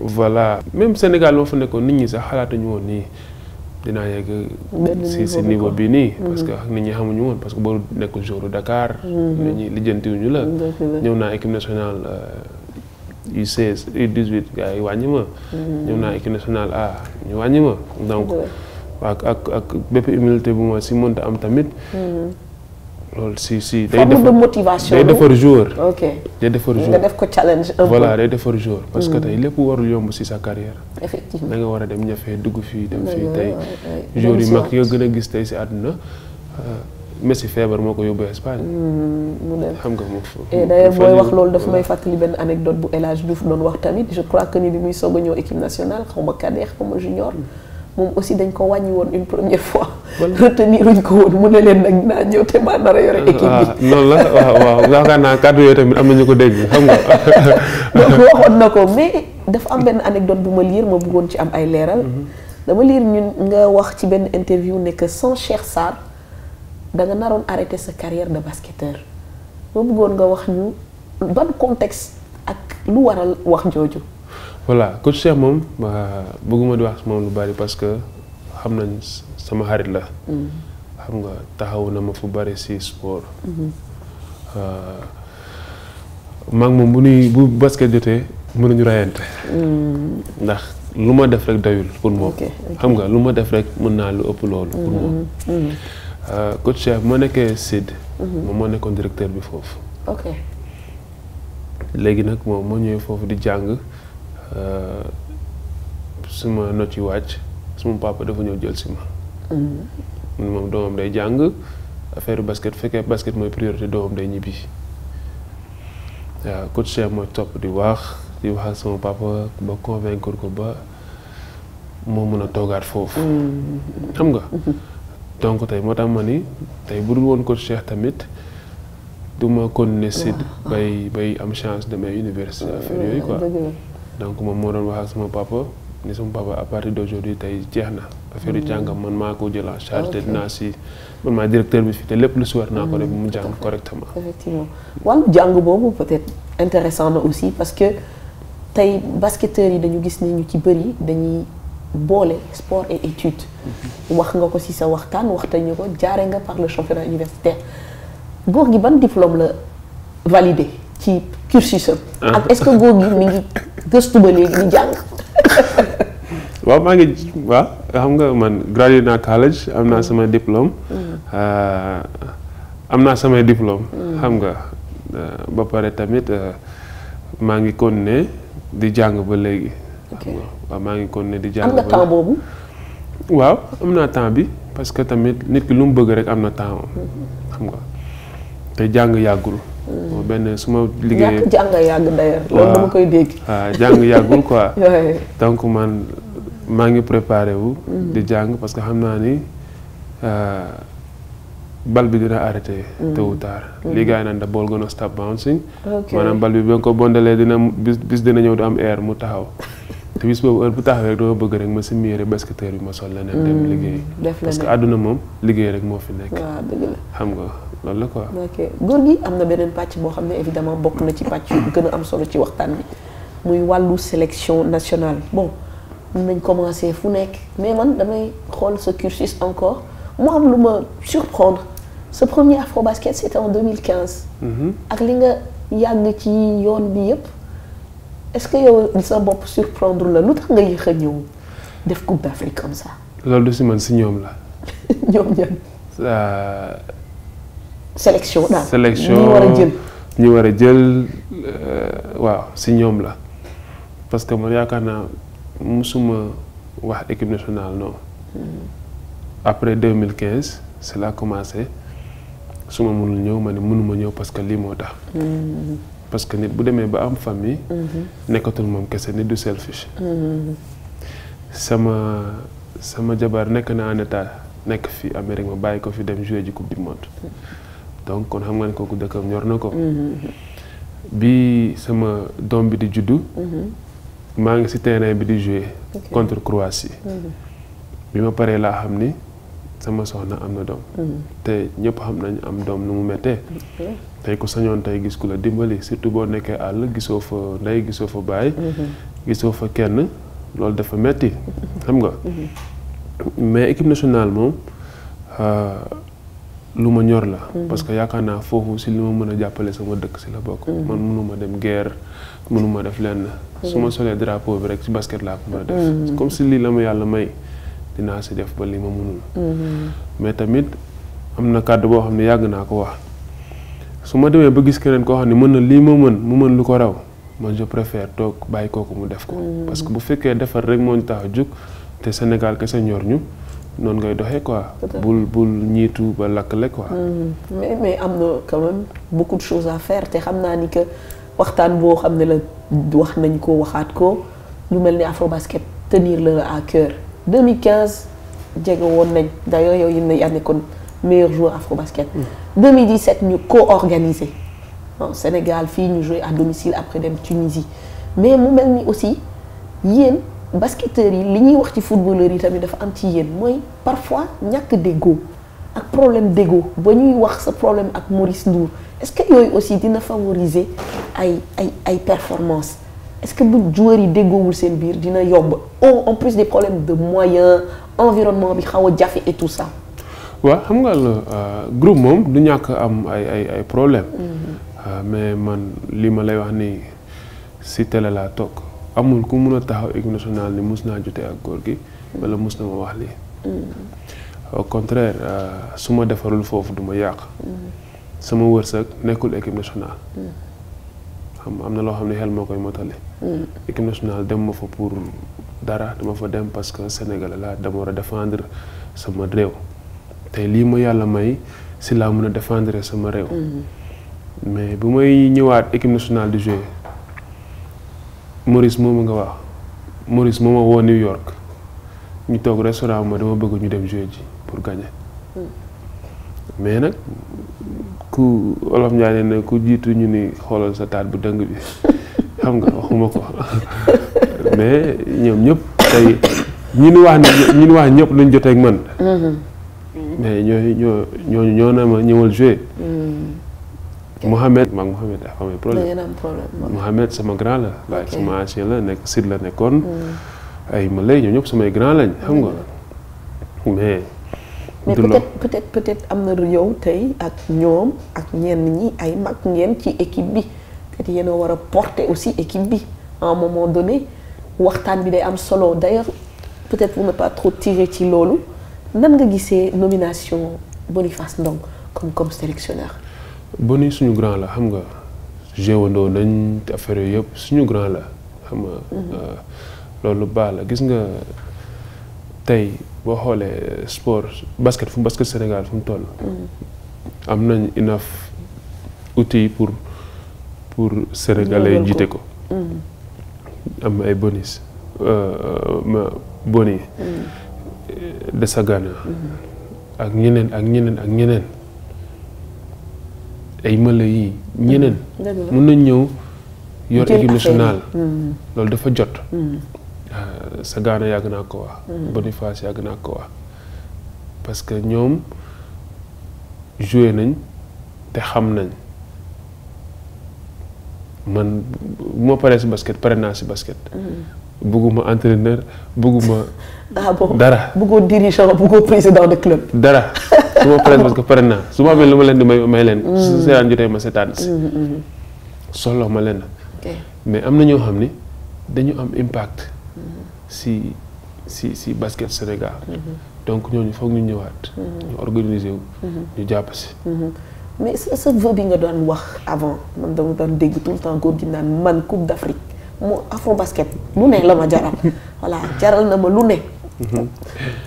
[SPEAKER 4] voilà même Sénégal moo fa nekkoon nit ñi sax xalaatuñu woon nii. dinaa yegg si si niveau bi nii mm-hmm. parce que nit ñi xamuñu woon parce que boo nekk jour Dakar
[SPEAKER 5] mm-hmm. nit ñi
[SPEAKER 4] lijjantiwuñu la ñëw naa équipe nationale U16 euh, U18 gars yi wàññi ma
[SPEAKER 5] mm-hmm. ñëw naa
[SPEAKER 4] équipe nationale A ñu wàññi ma donc ak ak bépp humilité bu ma si mënta am tamit loolu si si day defar motivation day defar joueur. ok day nga def
[SPEAKER 2] ko challenge. un peu voilà day
[SPEAKER 4] defar joueur. parce que mm. tey lépp warul yomb si sa nga war a dem ñafee dugg fii dem fii tey. joueur yu mag yi nga gën a gis tey si àdduna. Euh, Messi feebar moo ko yóbbu Espagne. Mm, mu dem xam nga moom. d'ailleurs booy wax loolu daf may
[SPEAKER 2] fàttali benn anecdote bu El Hadj Diouf doon wax tamit je crois que ni bi muy soog a ñëw équipe nationale xaw ma cadet xaw ma junior. Mm. moom aussi dañ ko wàññi woon une première fois. retenir uñ ko woon mu ne leen nag naa ñëw te
[SPEAKER 5] maa dara yore équipe bi. Ah, loolu la
[SPEAKER 4] waaw waaw yaakaar naa kàddu yooyu am na ñu ko dégg xam nga.
[SPEAKER 2] na ko mais dafa am benn anecdote bu ma liir ma buggoon ci am ay leeral. Mhm. dama liir ñun nga wax ci benn interview nekk que sans Cheikh danga naroon arrêter sa carrière de basketteur ma bëggoon nga wax ñu ban contexte ak lu waral wax jooju.
[SPEAKER 4] voilà coach moom bëgguma di wax moom lu bari parce que xam nañ sama xarit la. Mm-hmm. xam nga taxaw na ma fu bari ci sport. Mm-hmm. Euh, maa ngi moom bu nuy bu basket jotee nañu rayante.
[SPEAKER 5] Mm-hmm.
[SPEAKER 4] ndax lu ma def rek dayul pour moom. xam nga lu ma def rek mën naa lu ëpp loolu. pour moom. Euh, coach Cheikh ma nekkee Sid. moom moo nekkoon directeur bi foofu. ok léegi nag moom moo ñëwee foofu di jàng. Euh, suma not yi wàcc suma papa dafa ñëw jël ma.
[SPEAKER 5] Mm-hmm.
[SPEAKER 4] mun moom doomam day jàng affaire basket fekkee basket mooy priorité doomam day ñibbi waaw coach chef mooy topp di wax di wax sama papa ba convaincre ko ba moo mën a toogaat foofu. Mm-hmm. xam nga. Mm-hmm. donc tey moo tax ma ni tey bu dul woon coach Cheikh tamit du ma continuer si bay bay am chance demee université affaire yooyu quoi. donc moom moo doon wax ak sama papa ni sama papa à partir d'aujourd'hui tey jeex na affaire hmm. jàngam man maa ko jël en charge te si man maa directeur bi fii te lépp lu si war naa ko def hmm. mu jàng correctement
[SPEAKER 2] effectivement wàllu jàng boobu peut-être intéressant na aussi parce que tey basketteurs yi dañu gis ni ñu ci bëri dañuy boole sport et étude hmm. wax nga ko si sa waxtaan ñu ko jaare nga par le championnat universitaire góor gi ban diplôme la validé ci cursus am. Ah. est-ce que góor gi mi ngi gëstu ba léegi di jàng.
[SPEAKER 4] waaw maa ngi waaw xam nga man gradué naa college am naa sama diplôme. Mm. Ah, am naa samay diplôme. Mm. xam nga ah, ba pare tamit maa ngi kon continuer di jàng ba léegi. maa ngi continuer di jàng. am nga temps boobu. waaw am naa temps bi parce que tamit nit ki lu mu bëgg rek am na temps mm-hmm. xam nga te jàng yàggul. benn su ma liggéeyee ñàkk jàng
[SPEAKER 2] yàgg d'ailleurs loolu
[SPEAKER 4] jàng yàggul quoi. donc man maa ngi préparé wu. Mm. di jàng parce que xam naa ni euh, bal bi dina arrêté. Mm. te ou tard. Mm. lii gars yi naan da ball gonna stop bouncing. maanaam bal bi ba nga ko bondelee dina bis bis dina ñëw du am air mu taxaw. te bis boobu heure bu taxawee rek doo bëgg rek ma si miire basketteur bi ma sol leneen dem mm. liggéey parce que àdduna moom liggéey rek moo fi nekk xam boo
[SPEAKER 2] xam ne évidemment bokk na ci pàcc yu gën a am solo ci waxtaan bi muy wàllu sélection nationale bon mën nañ commencé fu nekk mais man damay xool sa cursus encore mu am lu ma surprendre ce premier afro basket c'était en 2015 mm-hmm. ak li nga yàgg ci yoon bi yëpp est-ce que yow sa bopp surprendre la lu tax nga yéex a ñëw def coupe d'Afrique
[SPEAKER 4] loolu du si man si ñoom la. ñoom ñan. Euh, sélection daal sélection ñi war a jël. Euh, waaw si ñoom la parce que man yaakaar naa suma wax équipe nationale non. Hmm. après quinze c'est laa commencé suma ma mënul ñëw ma ne mënuma ñëw parce que lii moo tax.
[SPEAKER 5] Hmm.
[SPEAKER 4] parce que nit bu demee ba am famille. Mhm. nekkatul moom kese nit du selfish. Mhm. sama sama jabar nekk naa en état nekk fi Amérique ma bàyyi ko fi dem jouer ji coupe du monde donc kon xam nga ne kooku dëkkam ñor na ko. Mhm. bi sama doom bi di juddu. maa ngi ci terrain bi di jouer contre Croatie. bi ma paree laa xam ni sama soxna am na doom. te ñëpp xam nañ am doom nu mu méttee. tey ku sañoon tey gis ku la dimbali surtout boo nekkee àll gisoo fa ndey gisoo fa baay. Mhm. gisoo fa kenn loolu dafa metti xam nga. Mhm. mais équipe nationale moom euh, lu ma ñor la. Mhm. parce que yaakaar naa foofu si li ma mën a jàppale sama dëkk si la bokk. man mënuma dem guerre mënuma def lenn. su ma solee drapeau bi rek ci basket laa ko mën a def. comme si lii la ma yàlla may dinaa si def ba li ma mënul. mais tamit am na kàddu boo xam ne yàgg naa ko wax. su ma demee ba gis keneen koo xam ne mën na lii ma mën mu mën lu ko raw man je préfère toog bàyyi kooku mu def ko. Mm. parce que bu fekkee defar rek moo ñu tax jug te Sénégal kese ñor ñu noonu ngay doxee quoi. bul bul ñiitu ba lakkale quoi.
[SPEAKER 2] Mm. mais mais am na quand même beaucoup de choses à faire te xam naa ni que waxtaan boo xam ne la wax nañ ko waxaat ko lu mel ni te tenir la à cœur 2015 jege woon nañ d'ailleurs yow yi ne yaa nekkoon. meilleur joueur afro-basket. 2017 mm. ñu co-organisé. Sénégal fii ñu joue à domicile après dem Tunisie mais mu mel ni aussi yéen basketteurs yi li ñuy wax ci footballeurs yi tamit dafa am ci yéen mooy parfois ñàkk déggoo ak problème déggoo ba ñuy wax sa problème ak Maurice Ndour est-ce que yooyu aussi dina favoriser ay ay ay performance est-ce que bu joueurs yi déggoowul seen biir dina yomb en plus de problèmes de moyens environnement bi xaw a jafe et tout ça
[SPEAKER 4] waa xam nga euh, groupe moom lu ñàkk am ay ay ay problème mm-hmm. euh, mais man lii ma lay wax nii si télé laa toog amul ku mun a taxaw équipe nationale ni mus naa jotee ak góor gi wala mus na ma wax lii mm-hmm. au contraire euh, su ma defarul foofu duma yàq mm-hmm. sama wërsëg nekkul équipe nationale xam am na loo xam ne xel moo koy motali équipe nationale dem ma fa pour dara dama fa dem parce que Sénégal laa dama war a défendre sama réew tey lii ma yàlla may si laa mën a défendre sama réew. Mhm. mais bu may ñëwaat équipe nationale de jouer Maurice moomu nga wax Maurice mooma woo New York ñu toog restaurant ma dama bëgg ñu dem jouer ji pour gagner. Mhm. mais nag ku olof Ndiaye ne ku jiitu ñu ni xoolal sa taat bu dëng bi xam nga waxuma ko mais ñoom ñëpp tey ñi ñu wax ne ñi wax ñëpp luñ jotee ak man. Mhm. mais ñooñu ñoo ñooñu ñoo na ma ñëwal joué.
[SPEAKER 5] Hmm.
[SPEAKER 4] Mouhamed maag Mouhamed dafa am problème Mouhamed sama grand la. waaye sama ancien la nekk Sud la nekkoon.
[SPEAKER 5] Hmm.
[SPEAKER 4] ay ma lay ñoom ñëpp samay grand lañ xam nga mais. mais
[SPEAKER 2] peut-être peut-être am na yow tey ak ñoom ak ñenn ñi ay mag ngeen ci équipe bi peut-être yéen a war a aussi équipe bi à un moment donné waxtaan bi day am solo d'ailleurs peut-être pour ne pas trop tirer ci loolu. nan nga gisee nomination Boniface Ndong comme comme sélectionneur.
[SPEAKER 4] Boni suñu grand la xam nga jéewandoo nañ affaire yooyu yëpp suñu grand la xam nga. Mhm. Euh, loolu baax la gis nga tey boo xoolee sport basket fu mu basket Sénégal fu mu toll.
[SPEAKER 5] Mhm.
[SPEAKER 4] am nañ enough outils pour pour sénégalais jiite ko. Mhm. am ay bonis euh, euh, ma boni. de Sagana ak ñeneen ak ñeneen ak ñeneen ay mëla yi ñeneen mun nañ ñëw yor équipe hmm. loolu dafa jot hmm. euh, Sagana yàgg naa ko wax hmm. Boniface yàgg naa ko wax parce que ñoom joué nañ te xam nañ man moo paree si basket pare naa si basket bëgguma entraîneur bëgguma.
[SPEAKER 2] ah bon dara bëggoo dirigeant bëggoo président de club.
[SPEAKER 4] dara su ma paree parce que pare naa su ma amee lu ma leen di may may leen. Mm. su seetaan jotee ma seetaan si. Mm, mm, solo ma leen. mais am na ñoo xam ni dañu am impact. si si si basket Sénégal. -hmm. donc ñooñu foog ñu ñëwaat. -hmm. ñu organiser wu. -hmm. ñu jàpp si.
[SPEAKER 2] mais sa sa vœu nga doon wax avant man dama doon dégg tout le temps góor gi naan man Coupe d'Afrique. mu afro basket lu ne la ma jaral voilà jaral na ma lu ne. Mhm.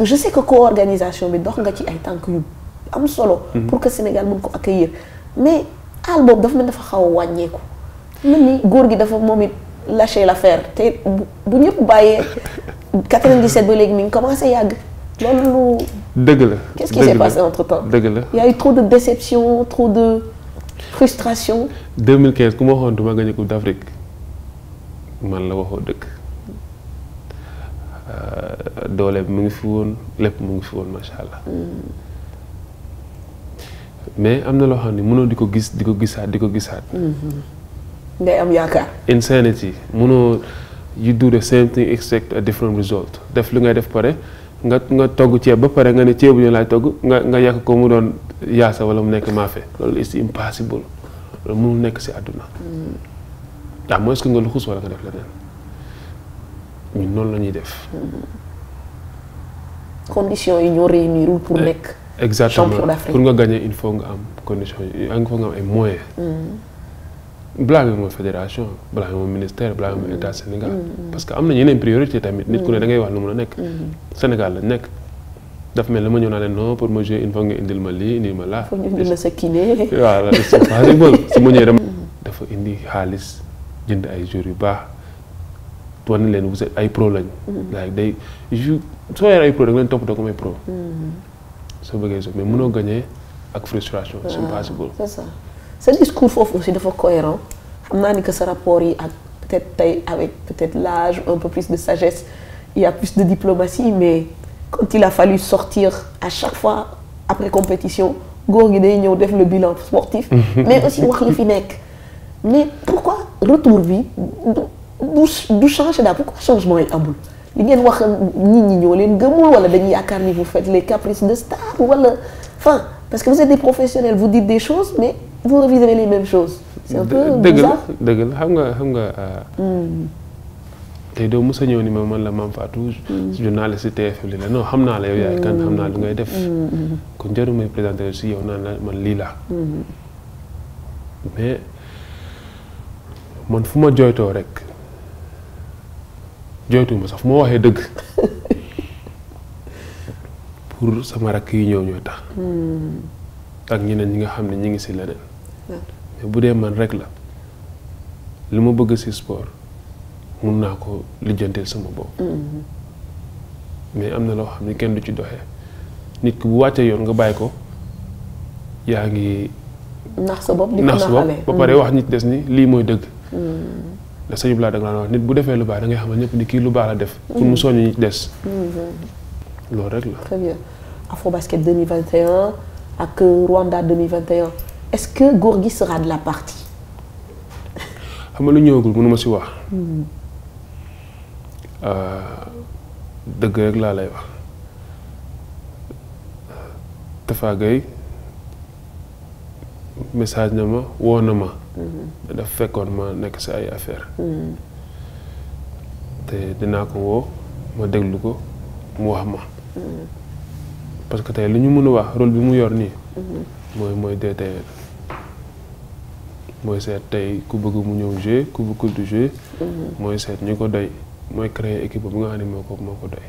[SPEAKER 2] je sais que co-organisation bi dox nga ci ay tànk yu am solo. Mhm. pour que Sénégal mën ko accueillir mais àll boobu dafa mel dafa xaw a wàññeeku. mel ni góor gi dafa moom it lâché l'affaire te bu ñëpp bàyyee 97 ba léegi mi ngi commencé yàgg loolu.
[SPEAKER 4] dëgg la qu'est-ce qui s'est passé entre temps dëgg la
[SPEAKER 2] y a eu trop de déception trop de frustration.
[SPEAKER 4] 2015 ku ma waxoon duma gagné Coupe d'Afrique. man la waxoo dëgg euh, doole mu ngi fi woon lépp mu ngi fi woon macha allah. Mm. mais am na loo xam ne mënoo di ko gis di ko gisaat di ko gisaat.
[SPEAKER 2] ngay mm-hmm. am yaakaar.
[SPEAKER 4] insanity mënoo you do the same thing expect a different result def li ngay def pare nga nga togg ceeb ba pare nga ne ceebu ñu laay togg nga nga yàq ko mu doon yaasa wala mu nekk maafe loolu is impossible loolu mënul nekk si àdduna. Mm. à moins que nga luxus wala nga def leneen ñun noonu la ñuy def. Mm-hmm.
[SPEAKER 2] conditions yi ñoo réunirul pour nekk. champion
[SPEAKER 4] d'Afrique exactement pour nga gagner il nga am condition yi il faut nga am ay moyens.
[SPEAKER 5] Mm-hmm.
[SPEAKER 4] blâme mooy fédération blâme mooy ministère blâme mooy état mm-hmm. parce que am na yeneen priorité tamit. nit ku ne da wax lu mu la nekk. Sénégal lañ nekk. daf mel ne ma ñëw naa leen non pour ma jouer il nga indil ma lii indil ma laa. il ma ñëwee dafa indi xaalis. jënd ay joueurs yu baax wane leen vous ay pro lañ. Mm-hmm. like day jou soo yore ay pro da leen toppatoo comme ay pro.
[SPEAKER 5] Mm-hmm.
[SPEAKER 4] soo bëggee so mais mënoo gagné ak frustration. c'est ah, impossible c'est
[SPEAKER 5] ça
[SPEAKER 2] sa discours foofu aussi dafa cohérent xam naa ni que sa rapport yi ak peut-être tey avec peut-être l'âge un peu plus de sages ya y a plus de diplomatie mais quand il a fallu sortir à chaque fois après compétition góor gi day ñëw def le bilan sportif.
[SPEAKER 5] mais aussi wax li fi
[SPEAKER 2] nekk. mais pourquoi retour bi du du changé daal pourquoi changement amul li ngeen wax nit ñi ñoo leen gëmul wala dañuy yaakaar ni vous faites les caprices de star wala enfin parce que vous êtes de professionnels vous dites des choses mais vous reviserez les mêmes choses. c'est un peu la
[SPEAKER 4] xam nga xam nga. Euh, hmm. tey doo mos a ni ma man la Mame Fatou. journaliste TFM li la non xam naa la yow yaay kan xam naa lu ngay def. Hmm. Hmm. kon jarul may présenté si yow naan la man lii laa. man fu ma jooytoo rek jooytuwuma sax fu ma waxee dëgg pour sama rakk yi ñëw ñoo tax.
[SPEAKER 5] Hmm.
[SPEAKER 4] ak ñeneen ñi nga xam ne ñu ngi si leneen. mais bu dee man rekk la li ma bëgg si sport mun naa ko lijjanteel sama bopp. Hmm. mais am na loo xam ne kenn du ci doxee nit ki bu wàccee yoon nga bàyyi ko yaa ngi.
[SPEAKER 5] nax
[SPEAKER 2] sa bopp nax sa bopp ba pare hmm. wax
[SPEAKER 4] nit des ni lii mooy dëgg. da sëñ Ibrahima da nit bu defee lu baax da ngay xam ne ñëpp ni kii lu baax la def. pour mu soññ ñi ci des. loolu rek la.
[SPEAKER 2] très bien ak Rwanda 2021 est-ce que Gorgui sera de la partie.
[SPEAKER 4] xam nga lu ñëwagul mënu ma si wax. Hmm. Euh, dëgg rek laa lay wax Tafa message na ma woo na ma. Mm-hmm. daf fekkoon ma nekk si ay affaire mm-hmm. te dinaa ko woo ma déglu ko mu wax ma. Mm-hmm. parce que tey li ñu mën a wax rôle bi mu yor nii. mooy mooy DTN mooy seet tey ku bëgg mu ñëw jouer mooy seet ñi ko doy mooy créer équipe bi nga xam ne moo ko moo ko doy.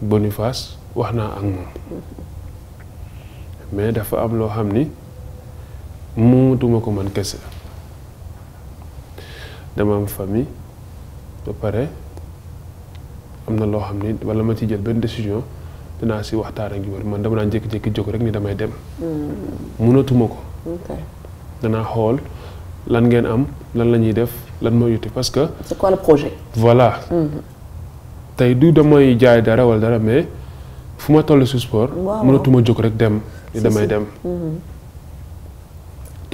[SPEAKER 4] Boniface wax naa ak moom mais dafa am loo xam ni. moomatuma ko man kese dama am famille ba pare am na loo xam ni wala ma ci jël benn décision dinaa si waxtaan ak yu man dama daan jékki-jékki jóg rek ni damay dem. mënatuma hmm. ko. danaa xool lan ngeen am lan la ñuy def lan mooy yuti parce que. c'est quoi voilà. Hmm. tey du damay jaay dara wala dara mais fu ma toll su sport. mënatuma jóg rek dem ni damay dem. Hmm.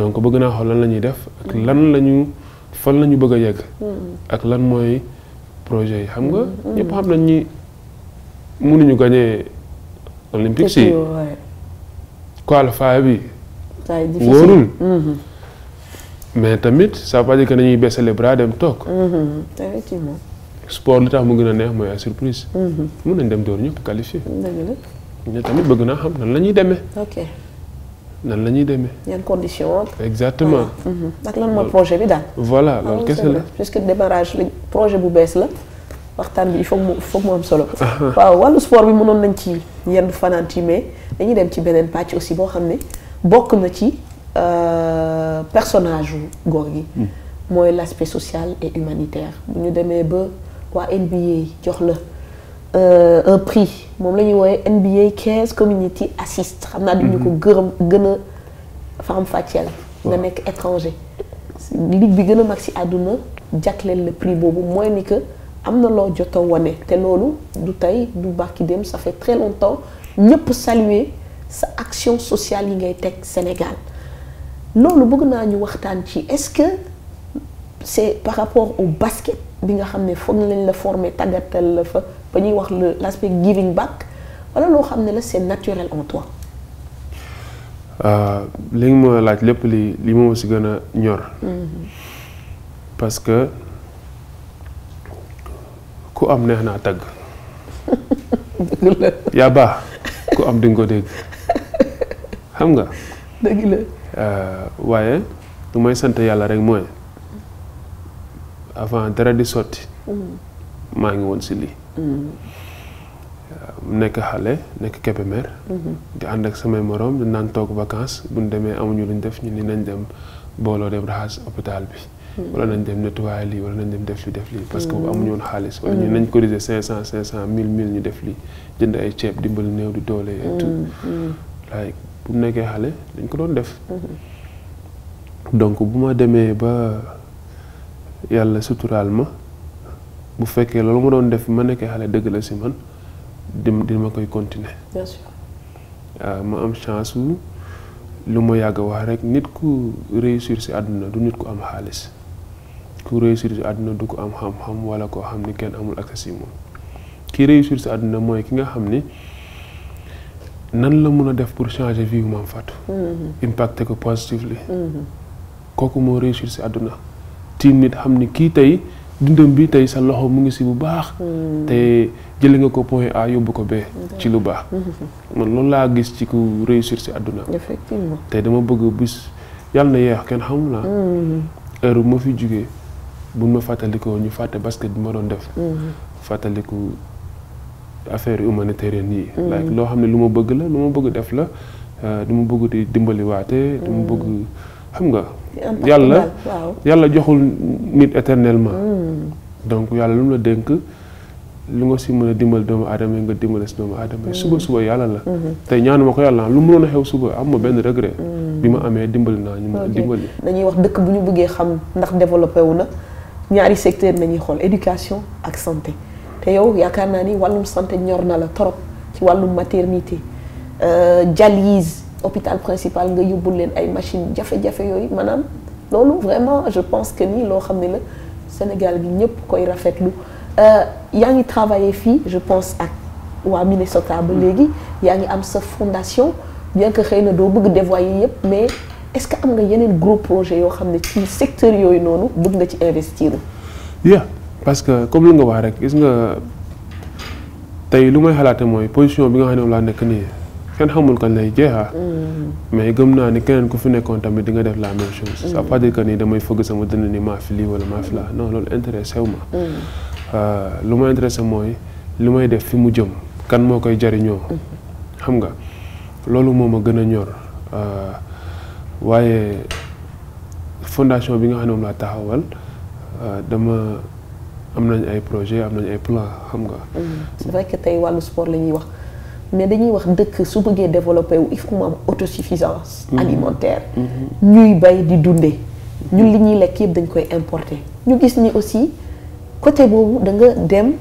[SPEAKER 4] donc bëgg naa xool lan la ñuy def ak lan la ñu fan la ñu bëgg a yegg. Mm. ak lan mooy projet yi xam nga. Mm. ñëpp xam nañ ni mënuñu gagné olympique si. qualifier bi.
[SPEAKER 5] wóorul. Mm-hmm.
[SPEAKER 4] mais tamit ça veut pas dire nañuy baisser les dem toog.
[SPEAKER 5] Mm-hmm. effectivement.
[SPEAKER 4] sport li tax mu gën a neex mooy ay surprise. mën mm-hmm. nañ dem door ñëpp qualifié. tamit bëgg naa xam nan la ñuy demee. nan la ñuy demee.
[SPEAKER 5] yan
[SPEAKER 2] conditions.
[SPEAKER 4] exactement
[SPEAKER 2] mhm. ndax lan mooy projet bi daal.
[SPEAKER 4] voilà ah, loolu kese la
[SPEAKER 2] puisque démarrage bi projet bu bees la waxtaan bi il faut mu foog mu am solo. Ah, ah. waaw wàllu sport bi mënoon nañ ci yenn fanaan ci mais dañuy dem ci beneen pàcc aussi boo xam ne bokk na ci euh, personnage yu góor gi. Hmm. mooy l' social et humanitaire bu ñu demee ba waa NBA jox la. Euh, un prix moom la ñuy woowe NBA 15 community assist xam naa duñu ko mhm. gërëm gën a faram fàcceel nga nekk étranger ligue bi gën a mag si àdduna jagleel la prix boobu mooy ni que am na loo jot wone te loolu du tey du bàkki dem ça fait très longtemps ñëpp saluer sa action sociale yi ngay teg Sénégal loolu bëgg naa ñu waxtaan ci est-ce que c'est par rapport au basket bi nga xam ne foog lañ la former tàggatal la fa ba ñuy wax le l' aspect giving back wala loo xam ne la c' est naturel en toi.
[SPEAKER 4] Euh, li nga ma laaj lépp li li ma si gën a ñor. Mm-hmm. parce que ku am neex naa tagg. dëgg la yaa baax ku am di ko dégg xam nga. dëgg la. Euh, waaye lu may sant yàlla rek mooy avant dara di sotti. Mm-hmm. maa ngi woon si lii.
[SPEAKER 5] Mm-hmm.
[SPEAKER 4] nekk xale nekk Kébémer mm-hmm. di ànd ak samay moroom di naan toog vacances bu ñu demee amuñu luñ def ñu ni nañ dem booloo dem raxas hôpital bi mm-hmm. wala nañ dem nettoyer lii wala nañ dem def lii def lii parce que amuñu woon xaalis nañ cotiser cinq cent cinq cent mille ñu def lii jënd ay ceeb dimbali néew di doole et nekkee xale dañ ko doon def donc bu demee ba yàlla suturaal ma bu fekkee loolu ma doon def ma nekkee xale dëgg la si man dim di ma koy continuer bien sûr waaw ah, ma am chance wu lu ma yàgg wax rek nit ku réussir si àdduna du nit ko am xaalis ku réussir si àdduna du ko am xam-xam wala ko xam ni kenn amul accès si moom ki réussir si àdduna mooy ki nga xam ni nan la mun a def pour changer vie Maam Fatou mm-hmm. impacté ko positively mm-hmm. kooku moo réussir si àdduna tiim nit xam ni kii tey dundam bi tey sa loxo mu ngi si bu baax. Mm. te jële nga ko point A yóbbu ko bee. Mm-hmm. ci lu baax.
[SPEAKER 5] Mm-hmm.
[SPEAKER 4] man loolu laa gis ci ku réussir si àdduna effectivement te dama bëgg bis yàlla na yeex kenn xamul naa. Mm-hmm. heure bu ma fi jóge bu ma fàttalikoo ñu fàtte basket bi ma doon def. fàttaliku affaire humanitaire nii. like loo xam ne lu ma bëgg la lu ma bëgg def la euh, du ma bëgg di dimbaliwaate. du ma bëgg xam nga. yàlla yàlla joxul nit éternellement hmm. donc yàlla lu mu la dénk lu nga si mën a dimbal doomu aadama yi nga dimbale si doomu aadama yi suba hmm. suba yàlla la hmm. te ñaanu ma ko yàlla lu mënoon a xew suba am ma benn regret bi ma amee dimbali naa ñu ma dimbali
[SPEAKER 2] dañuy wax dëkk bu ñu bëggee xam ndax développé wu na ñaari secteur nañuy xool éducation ak santé te yow yaakaar naa ni wàllum santé ñor na la trop ci wàllum maternité euh, dialyse hôpital principal nga yóbbul leen ay machine jafe-jafe yooyu maanaam loolu vraiment je pense que nii loo xam ne la Sénégal gi ñëpp koy rafetlu euh, yaa ngi travailler fii je pense ak waa Minnesota ba hmm. léegi yaa ngi am sa fondation bien que xëy na doo bëgg dévoyer yëpp mais est-ce que am nga yeneen gros projet yoo xam ne ci secteur yooyu noonu bëgg nga ci investir.
[SPEAKER 5] yeah
[SPEAKER 4] parce que comme lu nga wax rek gis nga tey lu may xalaate mooy position bi nga xam ne moom laa nekk nii. kenn xamul kañ lay jeexaa mm. mais gëm naa ni keneen ku fi nekkoon tamit di nga def la même chose mm. ça veut nii damay fëgg sama dënn ni maa fi lii wala maa fi laa non loolu intéressé ma mm. euh, lu ma intéressé mooy li may def fi mu jëm kan moo koy jariñoo xam nga loolu moom a gën a ñor euh, waaye fondation bi nga xam ne moom laa taxawal euh, dama am nañ ay projet am nañ ay plan xam nga
[SPEAKER 2] c'est vrai que tey wàllu sport la wax mais dañuy wax dëkk su bëggee développé wu il faut mu am autosuffisance mm-hmm. alimentaire mm-hmm. ñuy bay di dundee ñun li ñuy lekk yëpp dañ koy importer ñu gis ni aussi côté boobu da nga dem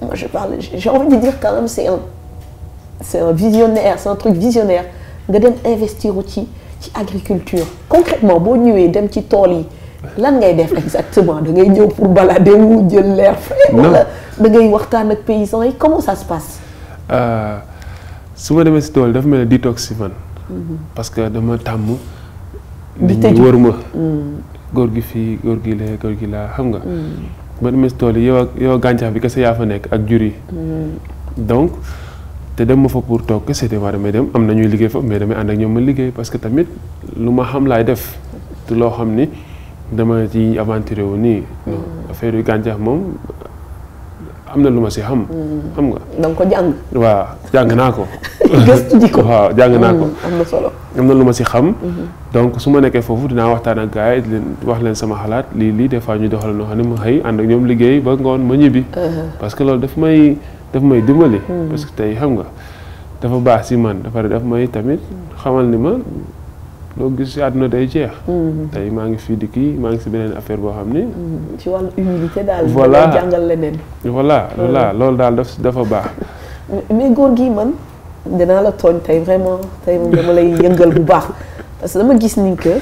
[SPEAKER 2] moi je parle j'ai envie de dire quand même c'est un visionnaire c'est un truc visionnaire nga dem investir ci ci agriculture concrètement boo ñëwee dem ci tool yi lan ngay def exactement da ngay ñëw pour balader wu jël l'air frais wala da waxtaan ak paysans yi comment ça se
[SPEAKER 4] Euh, su ma demee si tool dafa mel ne detox si man. parce que dama tàmm. nit ñi wër ma. Mm. góor gi fii góor gi lee góor gi laa xam nga. ba mm. demee si tool yi yow ak yow gàncax bi kese yaa fa nekk ak jur yi. Mm. donc te dem ma fa pour toog kese damaa damay dem am na ñuy liggéey fa mais damay ànd ak ñoom ma liggéey parce que tamit lu ma xam laay def te loo xam ni dama ci aventuré wu nii. affaire yu gàncax moom am na lu ma si xam. Mm. xam nga. da nga ko jàng. waaw jàng naa ko. gëstu ji ko waaw jàng naa ko. Mm, am na solo am na lu ma si xam. Mm-hmm. donc su ma nekkee foofu dinaa waxtaan ak gars yi wax leen sama xalaat lii lii des fois ñu doxal noo xam ne ma xëy ànd ak ñoom liggéey ba ngoon ma ñibbi. Uh-huh. parce que loolu dafa may daf may dimbali. Mm. parce que tey xam nga dafa baax si man dafa daf may tamit xamal ni ma loo gis si àdduna day jeex. Mhm. tey maa ngi fii di kii maa ngi si beneen affaire boo xam ni. Mhm. ci wàllu
[SPEAKER 2] humilité daal. voilà jàngal leneen.
[SPEAKER 4] voilà voilà loolu daal daf dafa baax.
[SPEAKER 2] mais góor gi man danaa la tooñ tey vraiment tey moom dama
[SPEAKER 4] lay baax parce
[SPEAKER 2] que dama gis ni que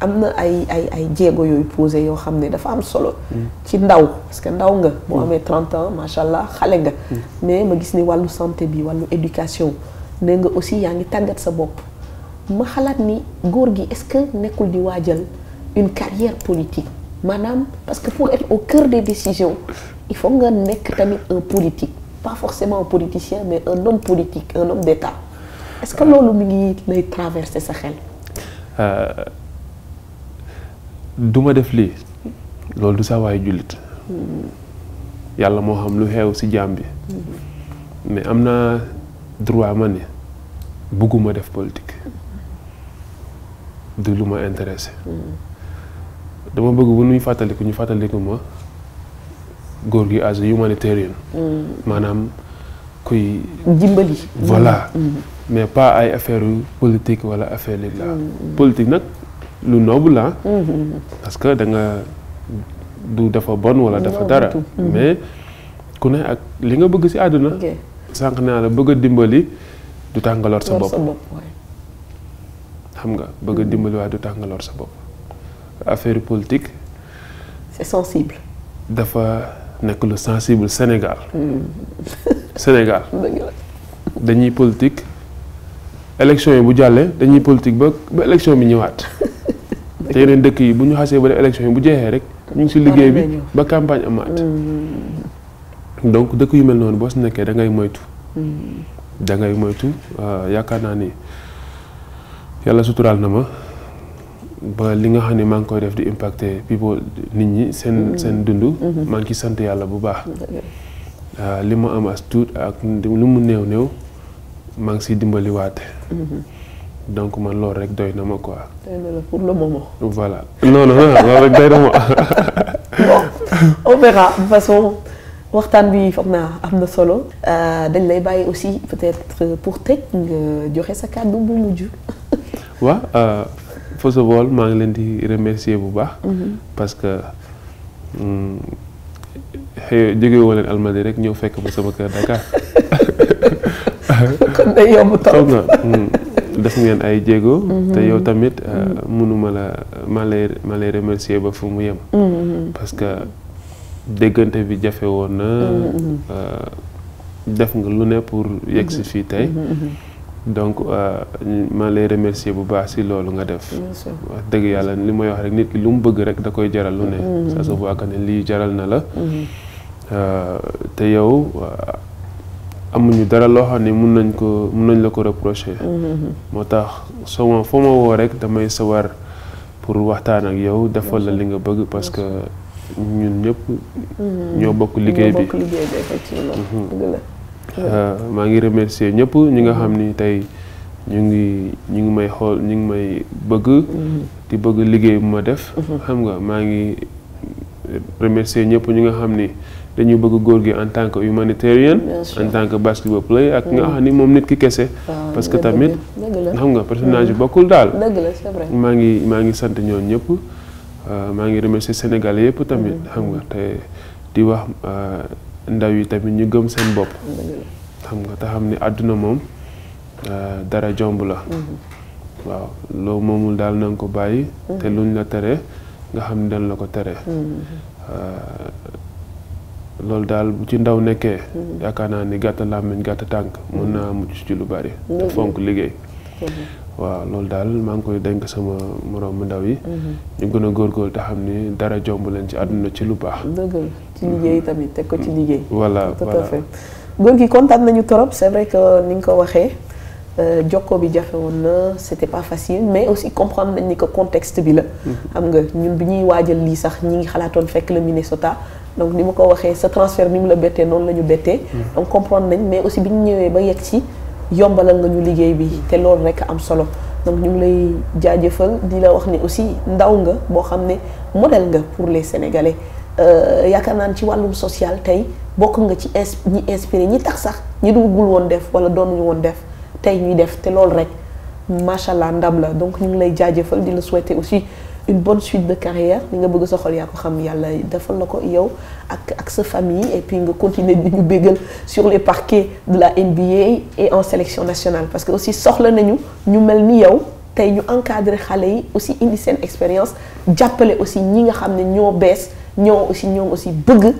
[SPEAKER 2] am na ay ay ay jéego yooyu posé yoo xam ne dafa am solo. Mm. ci ndaw parce que ndaw nga. boo mm. amee 30 ans macha allah xale nga. Mm. mais ma gis ni wàllu santé bi wàllu éducation nee nga aussi yaa ngi tàggat sa bopp. ma xalaat ni góor gi est-ce que nekkul di waajal une carrière politique maanaam parce que pour être au cœur des décisions il faut nga nekk tamit un politique pas forcément un politicien mais un homme politique un homme d'État est-ce que loolu mu ngi lay traverser sa xel.
[SPEAKER 4] Euh, duma def lii loolu du saa waaye jullit hmm. yàlla moo xam lu xew ci jaam bi hmm. mais am naa droit ma ne bugguma def politique. di lu ma intéressé. dama bëgg bu nuy fàttaliku ñu fàttaliku ma góor gi as humanitarian. Mm. maanaam kuy. dimbali. voilà mm. mais pas ay affaire yu politique wala affaire yi la mm. politique nag lu noble la. Ah. parce que da nga du dafa bon wala dafa dara. mais ku ne ak li nga bëgg ci àdduna. sànq naa la bëgg a dimbali du tax sa bopp. xam nga bëgg dimbaliwaat mm-hmm. dimbaliwaay du tax sa bopp affaire politik c'est dafa nekk lu sensible Sénégal.
[SPEAKER 5] Mm-hmm.
[SPEAKER 4] Sénégal dañuy politik élection yi bu jàllee dañuy politique ba ba bi ñëwaat. te yeneen dëkk yi bu ñu xasee ba ne élection yi bu jeexee rek. ñu ngi si liggéey bi ba campagne amaat.
[SPEAKER 5] Mm-hmm.
[SPEAKER 4] donc dëkk yu mel noonu boo si nekkee da ngay moytu. da ngay moytu euh, yaakaar naa ni. yàlla suturaal na ma ba li nga xam ne maa ngi koy def di impacter people nit ñi seen mm-hmm. seen dund mm-hmm. maa ngi ci sant yàlla bu baax ah, li ma am as ak lu mu néew néew maa ngi siy dimbali waate mm-hmm. donc man loolu rek doy na ma quoi. doy na la doy na ma.
[SPEAKER 5] on
[SPEAKER 2] verra de façon waxtaan bi foog naa am na solo. Ah, dañ lay bàyyi aussi peut pour tëj nga joxe sa kàddu bu mujj.
[SPEAKER 4] waaw euh, first of maa ngi leen di remercier bu baax. Mhm. parce que mm, xëy jóge leen Almadies rek ñëw fekk ma sama kër Dakar. Mm, def ngeen ay jéego. Mhm. te yow tamit euh, mhm. mënuma la ma lay ma lay remercier ba fu mu yem. parce que déggante bi jafe woon na. Euh, def nga lu ne pour yegg si fii tey. donc euh, ma lay remercier bu baax si loolu nga def. wax dëgg yàlla li may wax rek nit ki lu mu bëgg rek da koy jaral lu ne. Mhm. ça se voit ne lii jaral na la. Mhm. Euh, te yow euh, amuñu dara loo xam ne mun nañ ko mun nañ la ko reprocher. Mhm. moo tax soo ma foo ma woo rek damay sawar pour waxtaan ak yow defal la li nga bëgg parce que ñun ñëpp. ñoo bokk liggéey bi Euh, maa ngi remercier ñëpp ñi nga xam ni tey ñu ngi ñu ngi may xool ñu ngi may bëgg. Mm-hmm. di bëgg liggéey bu ma def. Mm-hmm. xam nga maa ngi remercier ñëpp ñu nga xam ni dañuy bëgg góor gi en tant que humanitarian. en tant que basketball player ak nga mm-hmm. xam ni moom nit ki kese. Ah, parce que tamit
[SPEAKER 5] xam nga personnage bi bokkul daal.
[SPEAKER 4] maa ngi maa ngi sant ñoon ñëpp. Euh, maa ngi remercier Sénégalais yëpp tamit xam nga te di wax. Euh, ndaw yi tamit ñu gëm seen bopp xam nga te xam ni àdduna moom euh, dara jomb la
[SPEAKER 5] mm-hmm.
[SPEAKER 4] waaw loo moomul daal na ko bàyyi mm-hmm. te luñ la tere nga xam ni dañ la ko tere mm-hmm. euh, loolu daal bu ci ndaw nekkee yaakaar naa ni gàtt làmmiñ gàtt tànk mën naa mucc ci lu bari te fonk liggéey waaw loolu daal maa ngi koy dénk sama moroom ndaw yi.
[SPEAKER 5] Mm-hmm.
[SPEAKER 4] ñu gën a góorgóorlu te xam ni dara jomb leen ci àdduna ci lu baax. dëgg la
[SPEAKER 2] ci mm-hmm. liggéey tamit teg ko ci mm-hmm. liggéey. voilà voilà tout à fait góor gi kontaan nañu trop c'est vrai que ni nga ko waxee euh, jokko bi jafe woon na c'était pas facile mais aussi comprendre nañ ni ko contexte bi la. xam nga ñun bi ñuy waajal lii sax ñi ngi xalaatoon fekk la Minnesota. donc ni ma ko waxee sa transfert ni mu la bettee noonu la ñu bettee. donc comprendre nañ mais aussi bi ñu ñëwee ba yegg ci. yombalal nga ñu liggéey bi te loolu rek am solo donc ñu ngi lay jaajëfal di la wax ne aussi ndaw nga boo xam ne modèle nga pour les sénégalais euh, yaakaar naan ci wàllum social tey bokk nga ci ins ñi inspiré ñi tax sax ñi duggul woon def wala doonuñu woon def tey ñuy def te loolu rek macha allah ndam la donc ñu ngi lay jaajëfal di la souhaiter aussi une bonne suite de carrière li nga bëgg soxol xol yaa ko xam yàlla defal la ko yow. ak ak sa famille et puis nga continuer di ñu bégal sur les parquets de la NBA et en sélection nationale parce que aussi soxla nañu ñu mel ni yow tey ñu encadrer xale yi aussi indi seen expérience jàppale aussi ñi nga xam ne ñoo bees ñoo aussi ñoom aussi bëgg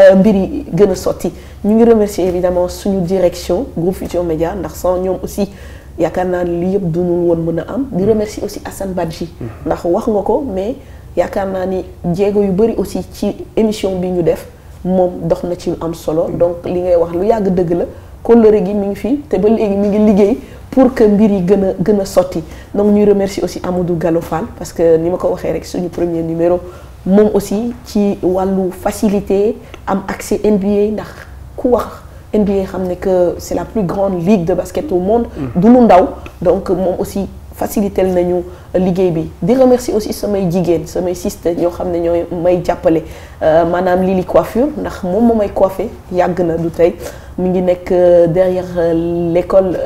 [SPEAKER 2] euh, mbir yi gën a sotti ñu ngi remercier évidemment suñu direction groupe Futurs Médias ndax sans ñoom aussi yaakaar naa ne lii yëpp dunul woon mën a am di remercier aussi Assane Badji mm. ndax wax nga ko mais yaakaar naa ni jéego yu bëri aussi ci émission bi ñu def moom dox na ci lu am solo donc li ngay wax lu yàgg dëgg la kóllëre gi mu ngi fii te ba léegi mi ngi liggéey pour que mbir yi gën a gën a sotti donc ñuy remercier aussi Amadou Gallo Fall parce que ni ma ko waxee rek suñu premier numéro moom aussi ci wàllu facilité am accès NBA ndax ku wax NBA xam ne que c'est la plus grande ligue de basket au monde. Mm. du lu ndaw donc moom aussi. facilité nañu liggéey bi di remercier aussi samay jigéen samay sister ñoo xam ne ñooy may jàppale euh, maanaam Lily coiffure ndax moom moo may coiffé yàgg na du tey mu ngi nekk euh, derrière euh, l'école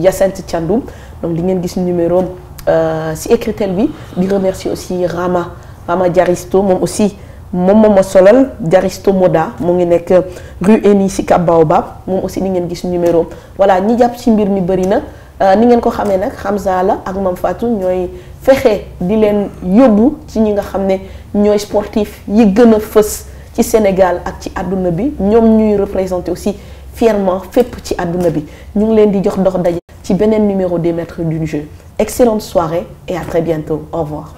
[SPEAKER 2] Hyacinthe Thiandoum donc li ngeen gis numéro si écritel bi di remercier aussi Rama Rama Diaristo moom aussi moom moo ma solal Jaristo Moda mu ngi nekk rue Eni Sicap ba moom aussi ni ngeen gis numéro voilà ñi jàpp ci mbir mi bëri na Euh, ni ngeen ko xamee nag Hamza la ak Mam Fatou ñooy fexe di leen yóbbu ci ñi nga xam ne ñooy sportif yi gën a fës ci Sénégal ak ci àdduna bi ñoom ñuy représenté aussi fièrement fépp ci àdduna bi ñu ngi leen di jox dox daje ci beneen numéro des maîtres du jeu excellente soirée et à très bientôt au revoir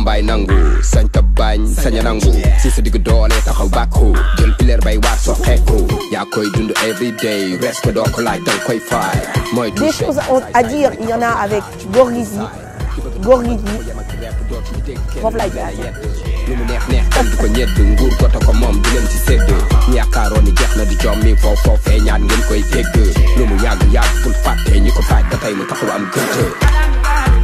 [SPEAKER 2] mbaay nangu sañ ta bañ sañ a nangu si sa diggu doole taxaw bàkku jël pileer bay waar soo xeeku yaa koy dund every day respect doo ko laaj dal koy faay mooy des choses à dire il y a avec Gorgui Gorgui foofu lay jaay lu mu neex neex kan ko ñedd nguur gota ko moom du leen ci sédd ñu ni jeex na di jom mi foofu foofu fee ngeen koy dégg lu mu yàgg yàgg bul fàtte ñi ko taaj ba tey mu taxaw am gënt